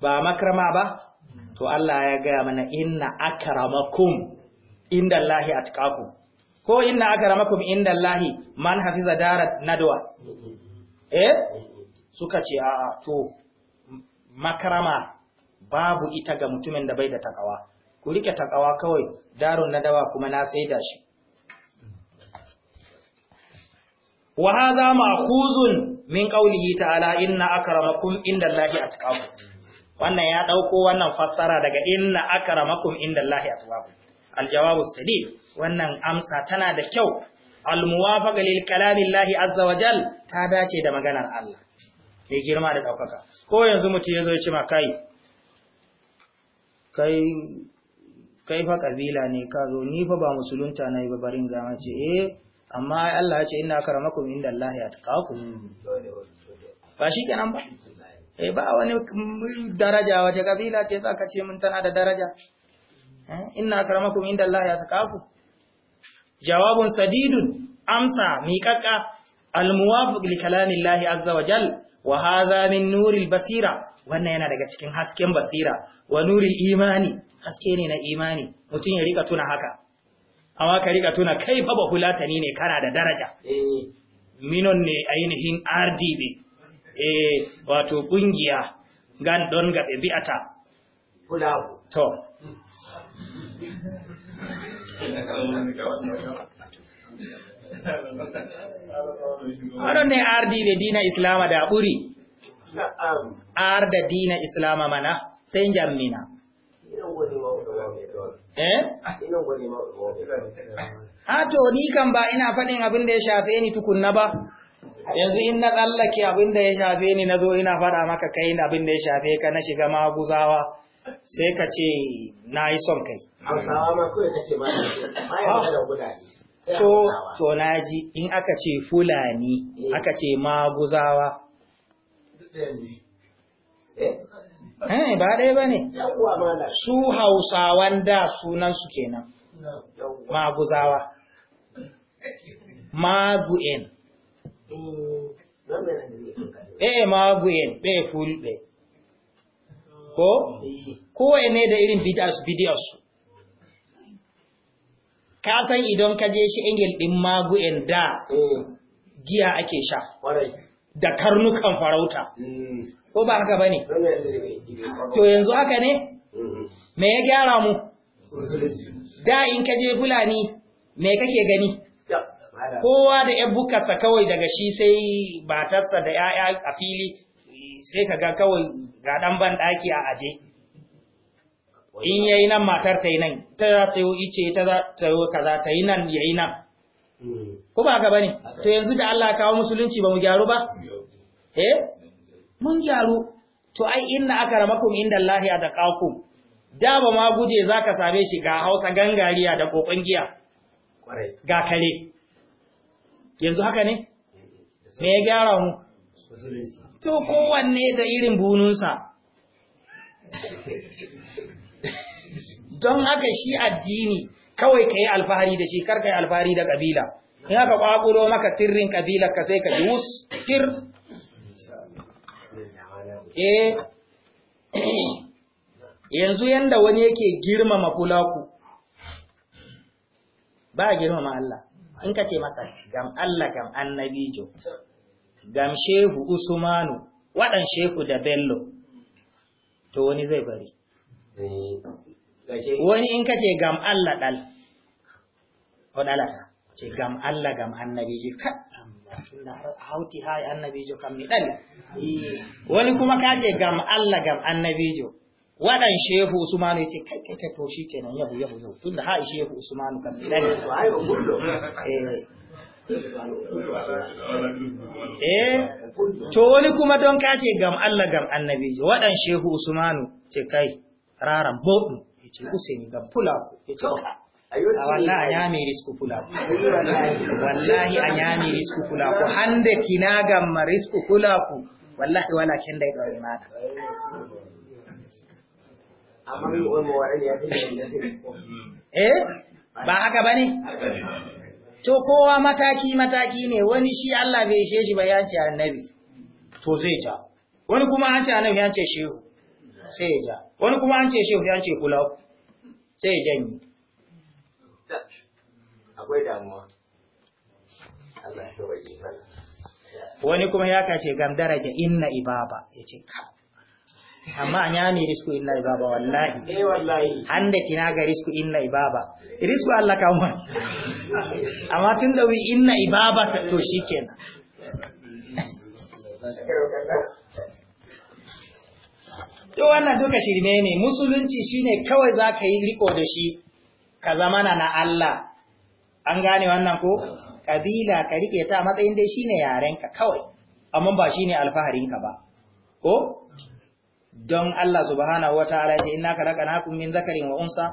ba makarama ba to Allah ya gaya mana inna akramakum inda Allahi atqakum ko inna akramakum inda Allah man hafiza darat nadwa eh suka ce a to makarama babu ita ga mutumin da bai da takawa ku rike takawa kawai darun nadawa kuma na saida shi wa hadha ma'khuzun min qawlihi ta'ala inna akramakum indallahi atqakum wannan ya dauko wannan fassara daga inna akramakum indallahi atqakum aljawabu sadid wannan amsa tana da kyau almuwafaqa lil kalamillahi azza jal ta dace da maganar Allah mai girma da daukaka ko yanzu mutum yazo ya ce ma kai kai kai fa kabila ne ka zo ni fa ba musulunta nayi ba barin gama ce eh amma Allah ya ce inna karamakum inda Allah ya taqakum ba shi kenan ba eh ba wani daraja wace kabila ce zaka ce mun tana da daraja eh, inna karamakum inda Allah ya taqakum jawabun sadidun amsa miƙaƙa almuwafiq li kalamillahi azza wa jal wa hadha min nuril basira wannan yana daga cikin hasken basira wa nuril imani haske ne na imani mutum ya rika tuna haka amma ka riga tuna kai fa ba hulatani ne kana da daraja eh. minon ne ainihin rdb eh wato kungiya gan don ga bi'ata hulahu to Aron ne rdb dina islama da buri ar da dina islama mana sai jammina Ha eh? A ah, to, ni kan ba ina faɗin abin da ya shafe ni tukunna ba, yanzu in na tsallake abin da ya shafe ni na zo ina faɗa maka kai abin da ya shafe ka na shiga maguzawa sai ka ce na yi son kai. To, to na ji in aka ce Fulani, eh. aka ce maguzawa. Eh, ba ɗaya ba ne su hausawan da su kenan maguzawa magu'en eh magu'en ɗaya fulɓe ko kowai ne da irin bidiyarsu ka san idan ka je shi ingil ɗin magu'en da eh. giya ake sha da karnukan farauta mm. ko ba haka bane to yanzu haka ne me ya gyara mu da in ka je fulani me kake gani kowa da yan bukarsa kawai daga shi sai batarsa da ya'ya a fili sai ka ga kawai ga ɗan ban ɗaki a aje in yi nan matar ta yi nan ta za ta yi ice ta za ta yi kaza ta yi nan yayi nan ko ba ka bane to yanzu da Allah kawo musulunci ba mu gyaru ba eh mun gyaru to ai inna akramakum indallahi ataqakum da ba ma guje zaka same shi ga Hausa gangariya da kokon giya ga kare yanzu haka ne me ya gyara mu to kowanne da irin bununsa don haka shi addini kawai ka yi alfahari da shi kar yi alfahari da kabila in haka ƙwaƙulo maka sirrin kabila ka sai ka ji wus eh yanzu yanda wani yake girmama fulaku ba girmama Allah in ka ce masa gam Allah gam annabijo gam shehu usmanu waɗan shehu da bello to wani zai bari wani in ka ce gam Allah ɗal waɗalaka ce gam Allah gam annabijo kaɗan hauti hai annabijo kam ni dan? wani kuma kaje gam Allah gam annabijo Wadan shehu usmanu ya ce kai kai kai to shikenan yahu yahu yahu tunda ha shehu usmanu kam ni ɗari eh. eh to wani kuma don kaje gam Allah gam annabijo Wadan shehu usmanu ce kai raran bodu ya ce usaini gam fulaku ya ce ka Ah, wallahi anyami risku kula wallahi anyami risku kula ku hande kina kinaga risku kula ku wallahi wala kende ga imana eh ba haka bane to kowa mataki mataki ne wani shi Allah bai ishe shi ba ya ce annabi to zai ja wani kuma an ce annabi ya ce shehu sai ya ja wani kuma an ce shehu ya ce kula sai ya janye akwai damuwa Allah ya sauke mana wani kuma ya kace gam daraja! inna ibaba yace ka amma anya yami risku inna ibaba wallahi eh wallahi handa kina ga risku inna ibaba risku Allah ka mu amma tun da wi inna ibaba to shikenan to wannan duka shirme ne musulunci shine kawai zaka yi riko da shi ka zamana na Allah an gane wannan ko kabila ka rike ta matsayin dai shine yarenka kawai amma ba shine ka ba ko don Allah subhanahu wataala ya inna khalaqnakum min zakarin wa unsa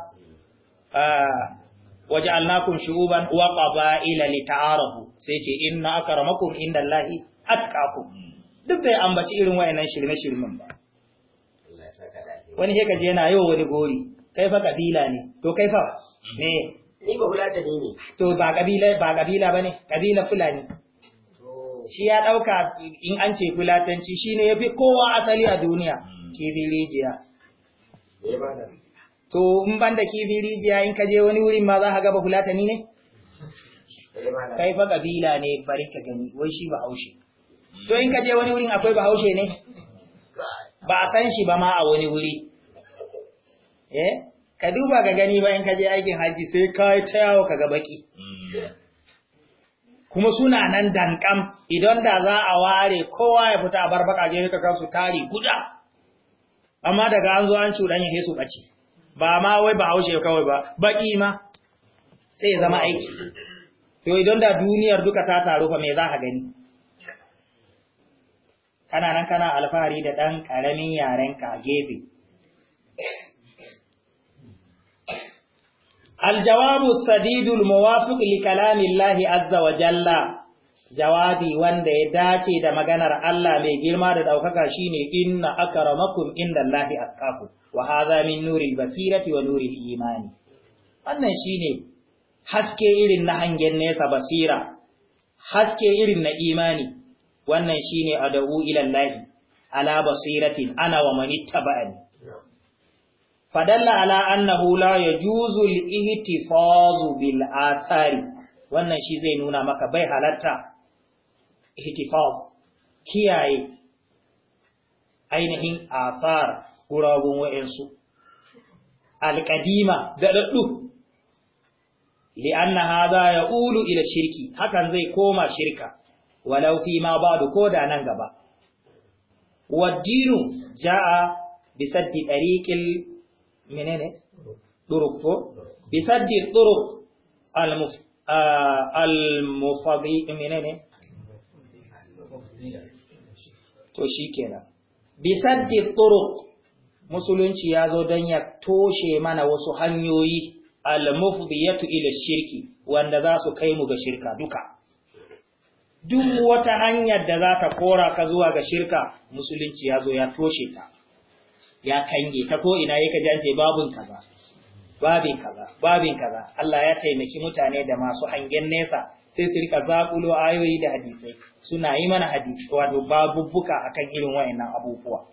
ja'alnakum shu'uban wa qaba'ila lita'arafu sai ce inna akramakum indallahi atqakum duk bai ambaci irin wayannan shirme-shirmen ba wani sai kaje yana yau wani gori kai fa kabila ne to kai fa me Ni ba Fulatani ne. To ba kabila ba kabila bane, kabila Fulani. Oh. Shi ya dauka in an ce Fulatanci shine yafi kowa asali a duniya, hmm. kifin rijiya. To in ban da kifin rijiya in ka je wani wurin ma za ka ga ba Fulatani ne? Kai fa kabila ne bari ka gani, wai shi ba hmm. To in ka je wani wurin akwai ba ne? Ba a san shi ba ma a wani wuri. Eh? ka duba ka gani bayan ka je aikin haji sai ka yi ta yawo ka ga baki kuma suna nan dankam idan da za a ware kowa ya fita a bar je ka kansu tari guda amma daga an zo an cuɗanya sai su ɓace ba ma wai ba haushe kawai ba baki ma sai zama aiki to idan da duniyar duka ta taru fa me za ka gani kana nan kana alfahari da ɗan ƙaramin yarenka a gefe الجواب السديد الموافق لكلام الله عز وجل jawabi wanda ya dace da maganar Allah mai girma da daukaka shine inna akramakum indallahi atqakum wa hadha min nuril basirati wa nuril imani wannan shine haske irin na hangen nesa basira haske irin na imani wannan shine adawu ila Allah ala basiratin ana wa man ittaba'ani fadalla ala annahu la yajuzu al-ihtifazu bil wannan shi zai nuna maka bai halatta ihtifaz kiyaye ainihin afar guragun wayansu alqadima da daddu li'anna ya ulu ila shirki hakan zai koma shirka walau fi ma ko koda nan gaba waddinu ja'a bisaddi tariqil menene duruk ko bi saddi al mufadi menene to shikenan bi saddi musulunci yazo zo don ya toshe mana wasu hanyoyi al-mufdiyatu ila shirki wanda za su kai mu ga shirka duka duk wata hanyar da za ta kora ka zuwa ga shirka musulunci ya zo ya toshe ta ya kange ta ko ina yake jance babun kaza babin kaza babin kaza Allah ya taimaki mutane da masu hangen nesa sai su rika zakulo ayoyi da hadisai suna yi mana hadisi wato babubbuka akan irin wayannan abubuwa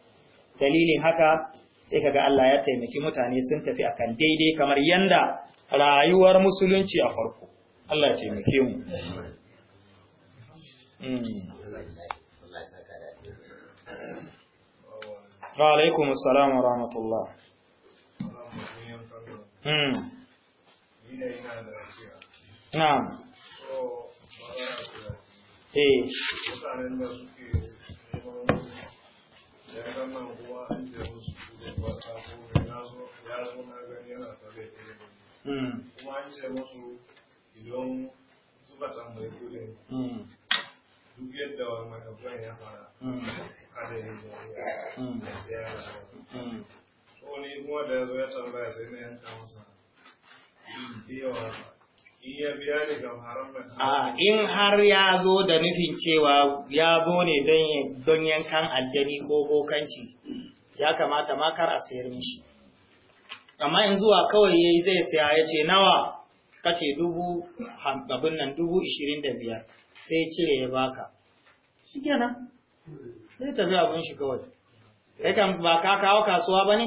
dalilin haka sai kaga Allah ya taimaki mutane sun tafi akan daidai kamar yanda rayuwar musulunci a farko Allah ya taimake mu hmm. Wa alaikum assalam wa rahmatullah. Hmm. Na'am. duk yadda wani ya fara. in har ya zo da nufin cewa ya zo ne don yankan aljani ko bokanci, ya kamata makar a sayar mishi. Amma in zuwa kawai ya yi zai saya ya ce nawa kace dubu abin nan dubu ishirin da biyar sai cire ya baka. Shi kenan. zai tafi abin shi kawai ya kan ba ka kawo kasuwa ba ne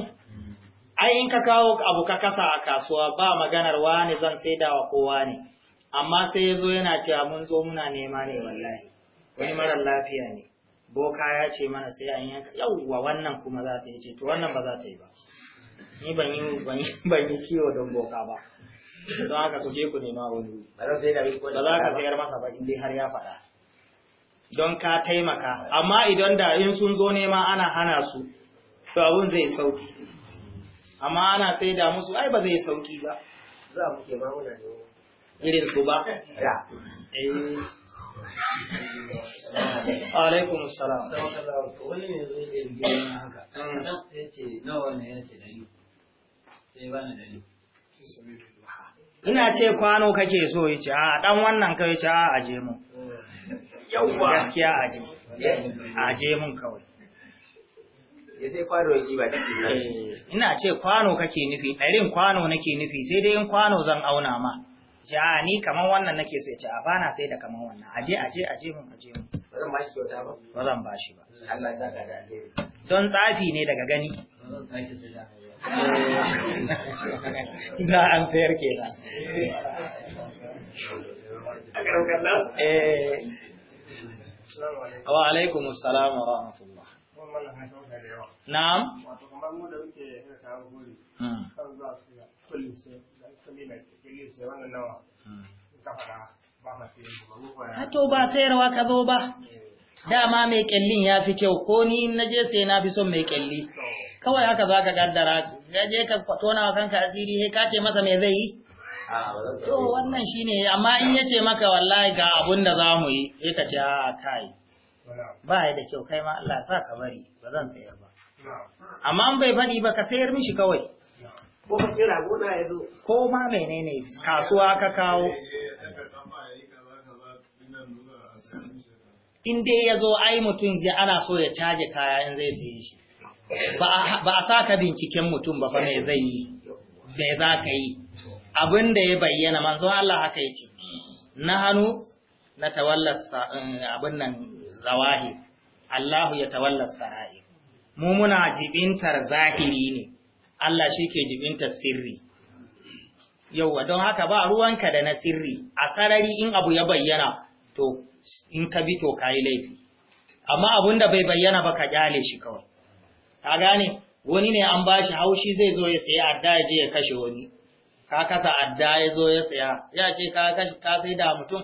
ai in ka kawo abu ka kasa a kasuwa ba maganar wani zan saida wa kowa ne amma sai ya zo yana cewa mun zo muna nema ne wallahi wani marar lafiya ne boka ya ce mana sai an yanka yauwa wannan kuma za ta yi ce to wannan ba za ta yi ba ni ban yi kiwo don boka ba don haka ku je ku nema wani ba za ka sayar masa ba in dai har ya faɗa don ka taimaka amma idan da in sun zo nema ana hana su to abun zai sauki amma ana sai da musu ai ba zai sauki ba za mu ke mamuna ne irin su ba da eh. ya Eh. Alaikun ne ina ce kwano kake so ya ce a ɗan wannan kai ce a aje mu eh. yawwa gaskiya aje aje mun kawai ya sai kwano yi ba eh, ina ce kwano kake nufi ɗarin kwano nake nufi sai dai in kwano zan auna ma ja ni kaman wannan nake so ce a bana sai da kaman wannan aje aje aje mun aje mun ba zan kyauta ba ba zan bashi ba Allah ya saka da alheri don tsafi ne daga gani eh. na an sayar kenan a karkar nan eh Wa alaikum salam wa rahmatullah. Na'am. Wato hmm. kamar mu da muke ba ma sai mu sayarwa ka zo ba. Dama mai kyallin ya fi kyau ko ni in je sai na fi son mai kyalli. Kawai haka za ka kaddara, ya je ka tona wa kanka asiri, sai ka ce masa me zai yi? To wannan shine amma in yace maka wallahi ga abun da za mu yi sai ka ce a kai. Ba ya da kyau kai ma Allah sa ka bari ba zan tsayar ba. Amma in bai faɗi ba ka sayar mishi kawai. Ko ka kira gona ya zo. Ko ma menene kasuwa ka kawo. In dai ya zo ai mutum zai ana so ya caje kaya in zai saye shi. Ba a sa ka binciken mutum ba fa me zai yi, me za ka yi. abin da ya bayyana manzo Allah haka yake na hannu na tawallasa um, abin nan zawahi Allahu ya tawallasa ra'i mu muna jibintar zahiri ne Allah shi ke jibintar sirri yauwa don haka ba ruwanka da na sirri a sarari in abu ya bayyana to in ka bi to kayi laifi amma abun da bai bayyana ba ka kyale shi kawai ka gane wani ne an bashi haushi zai zo ya sayi adda ya je ya kashe wani ka kasa adda ya zo ya tsaya ya ce ka sai da mutum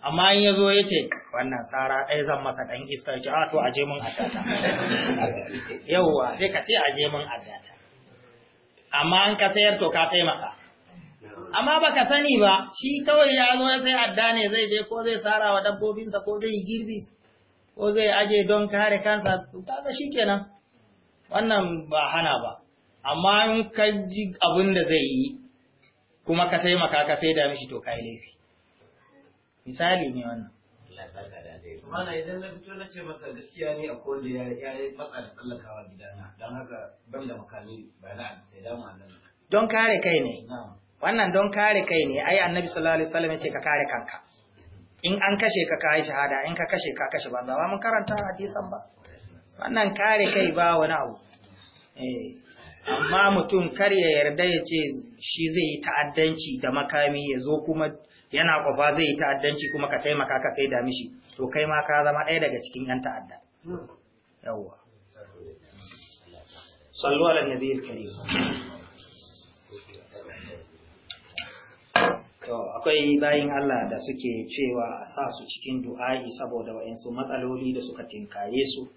amma in ya zo ya ce wannan tsara ɗaya zan masa ɗan iskar ce a to a je mun addata yauwa sai ka ce a je mun ta. amma an ka sayar to ka taimaka amma baka sani ba shi kawai ya zo ya sai adda ne zai je ko zai tsara wa dabbobinsa ko zai girbi ko zai aje don kare kansa kaga kenan wannan ba hana ba amma in ka ji abin da zai yi kuma ka taimaka ka sai da mishi to kai laifi misali ne wannan Mana idan na fito na ce masa gaskiya ne a kowanne ya yi matsa da tsallakawa gidana don haka ban da makami ba na sai damu a nan. Don kare kai ne. Wannan don kare kai ne ai annabi sallallahu alaihi wasallam yace ka kare kanka. In an kashe ka ka yi shahada in ka kashe ka kashe banza ba mun karanta hadisan ba. Wannan kare kai ba wani abu. Eh. amma mutum kar ya yarda ya ce shi zai yi ta'addanci da makami ya zo kuma yana kwafa zai yi ta'addanci kuma ka taimaka ka sai da mishi to kai ma ka zama ɗaya daga cikin yan ta'adda yawwa sallu ala nabiyil karim to akwai bayin Allah da suke cewa a sa su cikin du'a'i saboda wayansu matsaloli da suka tinkaye su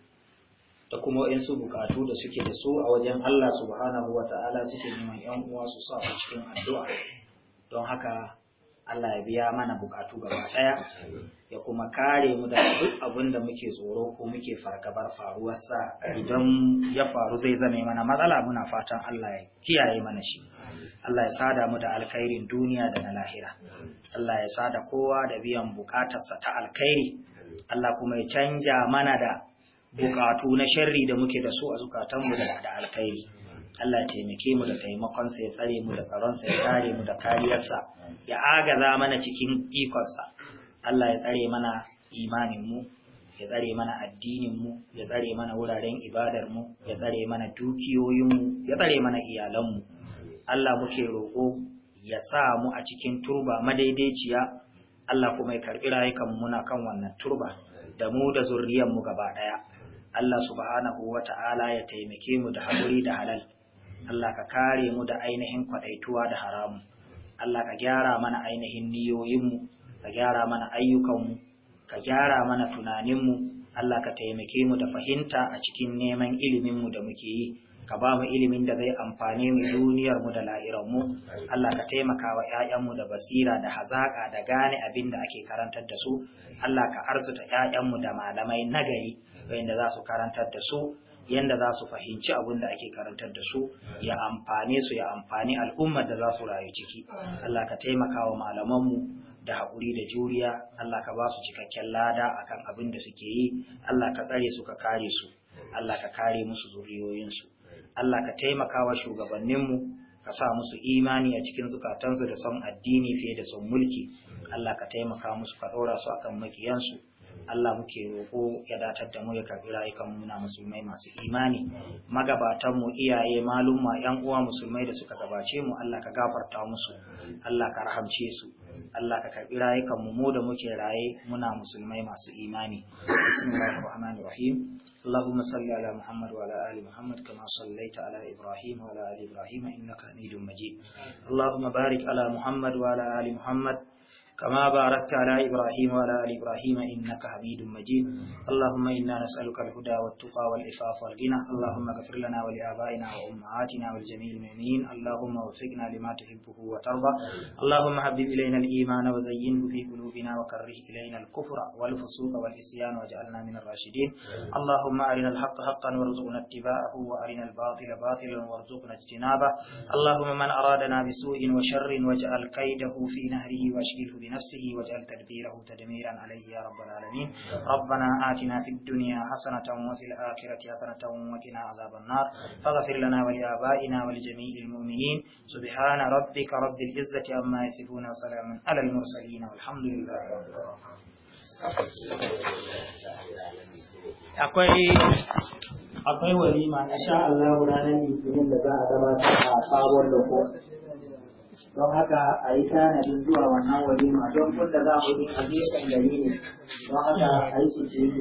da kuma waɗansu bukatu da suke da su a wajen Allah subhanahu wa ta'ala suke neman ‘yan uwa su sa su cikin addu'a don haka Allah ya biya mana bukatu gaba ɗaya ya kuma kare mu da duk abin da muke tsoro ko muke fargabar faruwar sa idan ya faru zai zame mana matsala muna fatan Allah ya kiyaye mana shi Allah ya sada mu da alkhairin duniya da na lahira Allah ya sada kowa da biyan bukatarsa ta alkhairi Allah kuma ya canja mana da bukatu na sharri da muke da su a zukatanmu da alkhairi Allah ya taimake mu da taimakonsa, ya tsare mu da tsaron sa ya kare mu da kariyarsa ya agaza mana cikin ikonsa Allah ya tsare mana imanin mu ya tsare mana addinin mu ya tsare mana wuraren ibadarmu, ya tsare mana dukiyoyin mu ya tsare mana iyalan mu Allah muke roko ya sa mu a cikin turba madaidaiciya Allah kuma ya karɓi rayukan mu muna kan wannan turba da mu da zuriyar mu gaba ɗaya. Allah subhanahu wa ta'ala ya taimake mu da haƙuri da halal, Allah ka kare mu da ainihin kwaɗaituwa da haramu. Allah ka gyara mana ainihin niyoyinmu, ka gyara mana ayyukanmu, ka gyara mana tunaninmu, Allah ka taimake mu da fahimta a cikin neman iliminmu da muke yi, ka ba mu ilimin da zai amfane mu duniyarmu da lahiranmu, Allah ka taimaka wa ‘ya'yanmu da basira da hazaƙa da gane abin da ake karantar da su, Allah ka arzuta ‘ya'yanmu da malamai nagari. wanda za su karantar da su yanda za su fahimci abin da ake karantar da su ya amfane su ya amfani al'ummar da za su rayu ciki Allah ka taimaka wa malamanmu da haƙuri da juriya Allah ka ba su cikakken lada akan abin da suke yi Allah ka tsare su ka kare su Allah ka kare musu zuriyoyinsu Allah ka taimaka wa shugabanninmu ka sa musu imani a cikin zukatansu da son addini fiye da son mulki Allah ka taimaka musu ka ɗora su akan makiyansu Allah muke roƙo ya datar da mu ya karbi rayukan muna musulmai masu imani magabatan mu iyaye malumma yan uwa musulmai da suka gabace mu Allah ka gafarta musu Allah ka rahamce su Allah ka karɓi rayukan mu mu da muke raye muna musulmai masu imani bismillahir rahmanir rahim اللهم صل على محمد وعلى ال محمد كما صليت على ابراهيم وعلى ال ابراهيم انك حميد مجيد اللهم بارك على محمد وعلى ال محمد كما باركت على إبراهيم وعلى آل إبراهيم إنك حميد مجيد اللهم إنا نسألك الهدى والتقى والعفاف والغنى اللهم اغفر لنا ولآبائنا وأمهاتنا والجميع المؤمنين اللهم وفقنا لما تحبه وترضى اللهم حبب إلينا الإيمان وزينه في قلوبنا وكره إلينا الكفر والفسوق والعصيان واجعلنا من الراشدين اللهم أرنا الحق حقا وارزقنا اتباعه وأرنا الباطل باطلا وارزقنا اجتنابه اللهم من أرادنا بسوء وشر واجعل كيده في نهره واشغله بنفسه وجعل تدبيره تدميرا عليه يا رب العالمين ربنا آتنا في الدنيا حسنة وفي الآخرة حسنة وقنا عذاب النار فاغفر لنا ولآبائنا ولجميع المؤمنين سبحان ربك رب العزة أما يصفون وسلام على المرسلين والحمد لله akwai akwai walima insha Allah ranar litinin da za a gabatar a sabuwar da don haka a yi tanadin zuwa wannan walima don kun da za mu yi a gefen gari ne don haka a yi cikin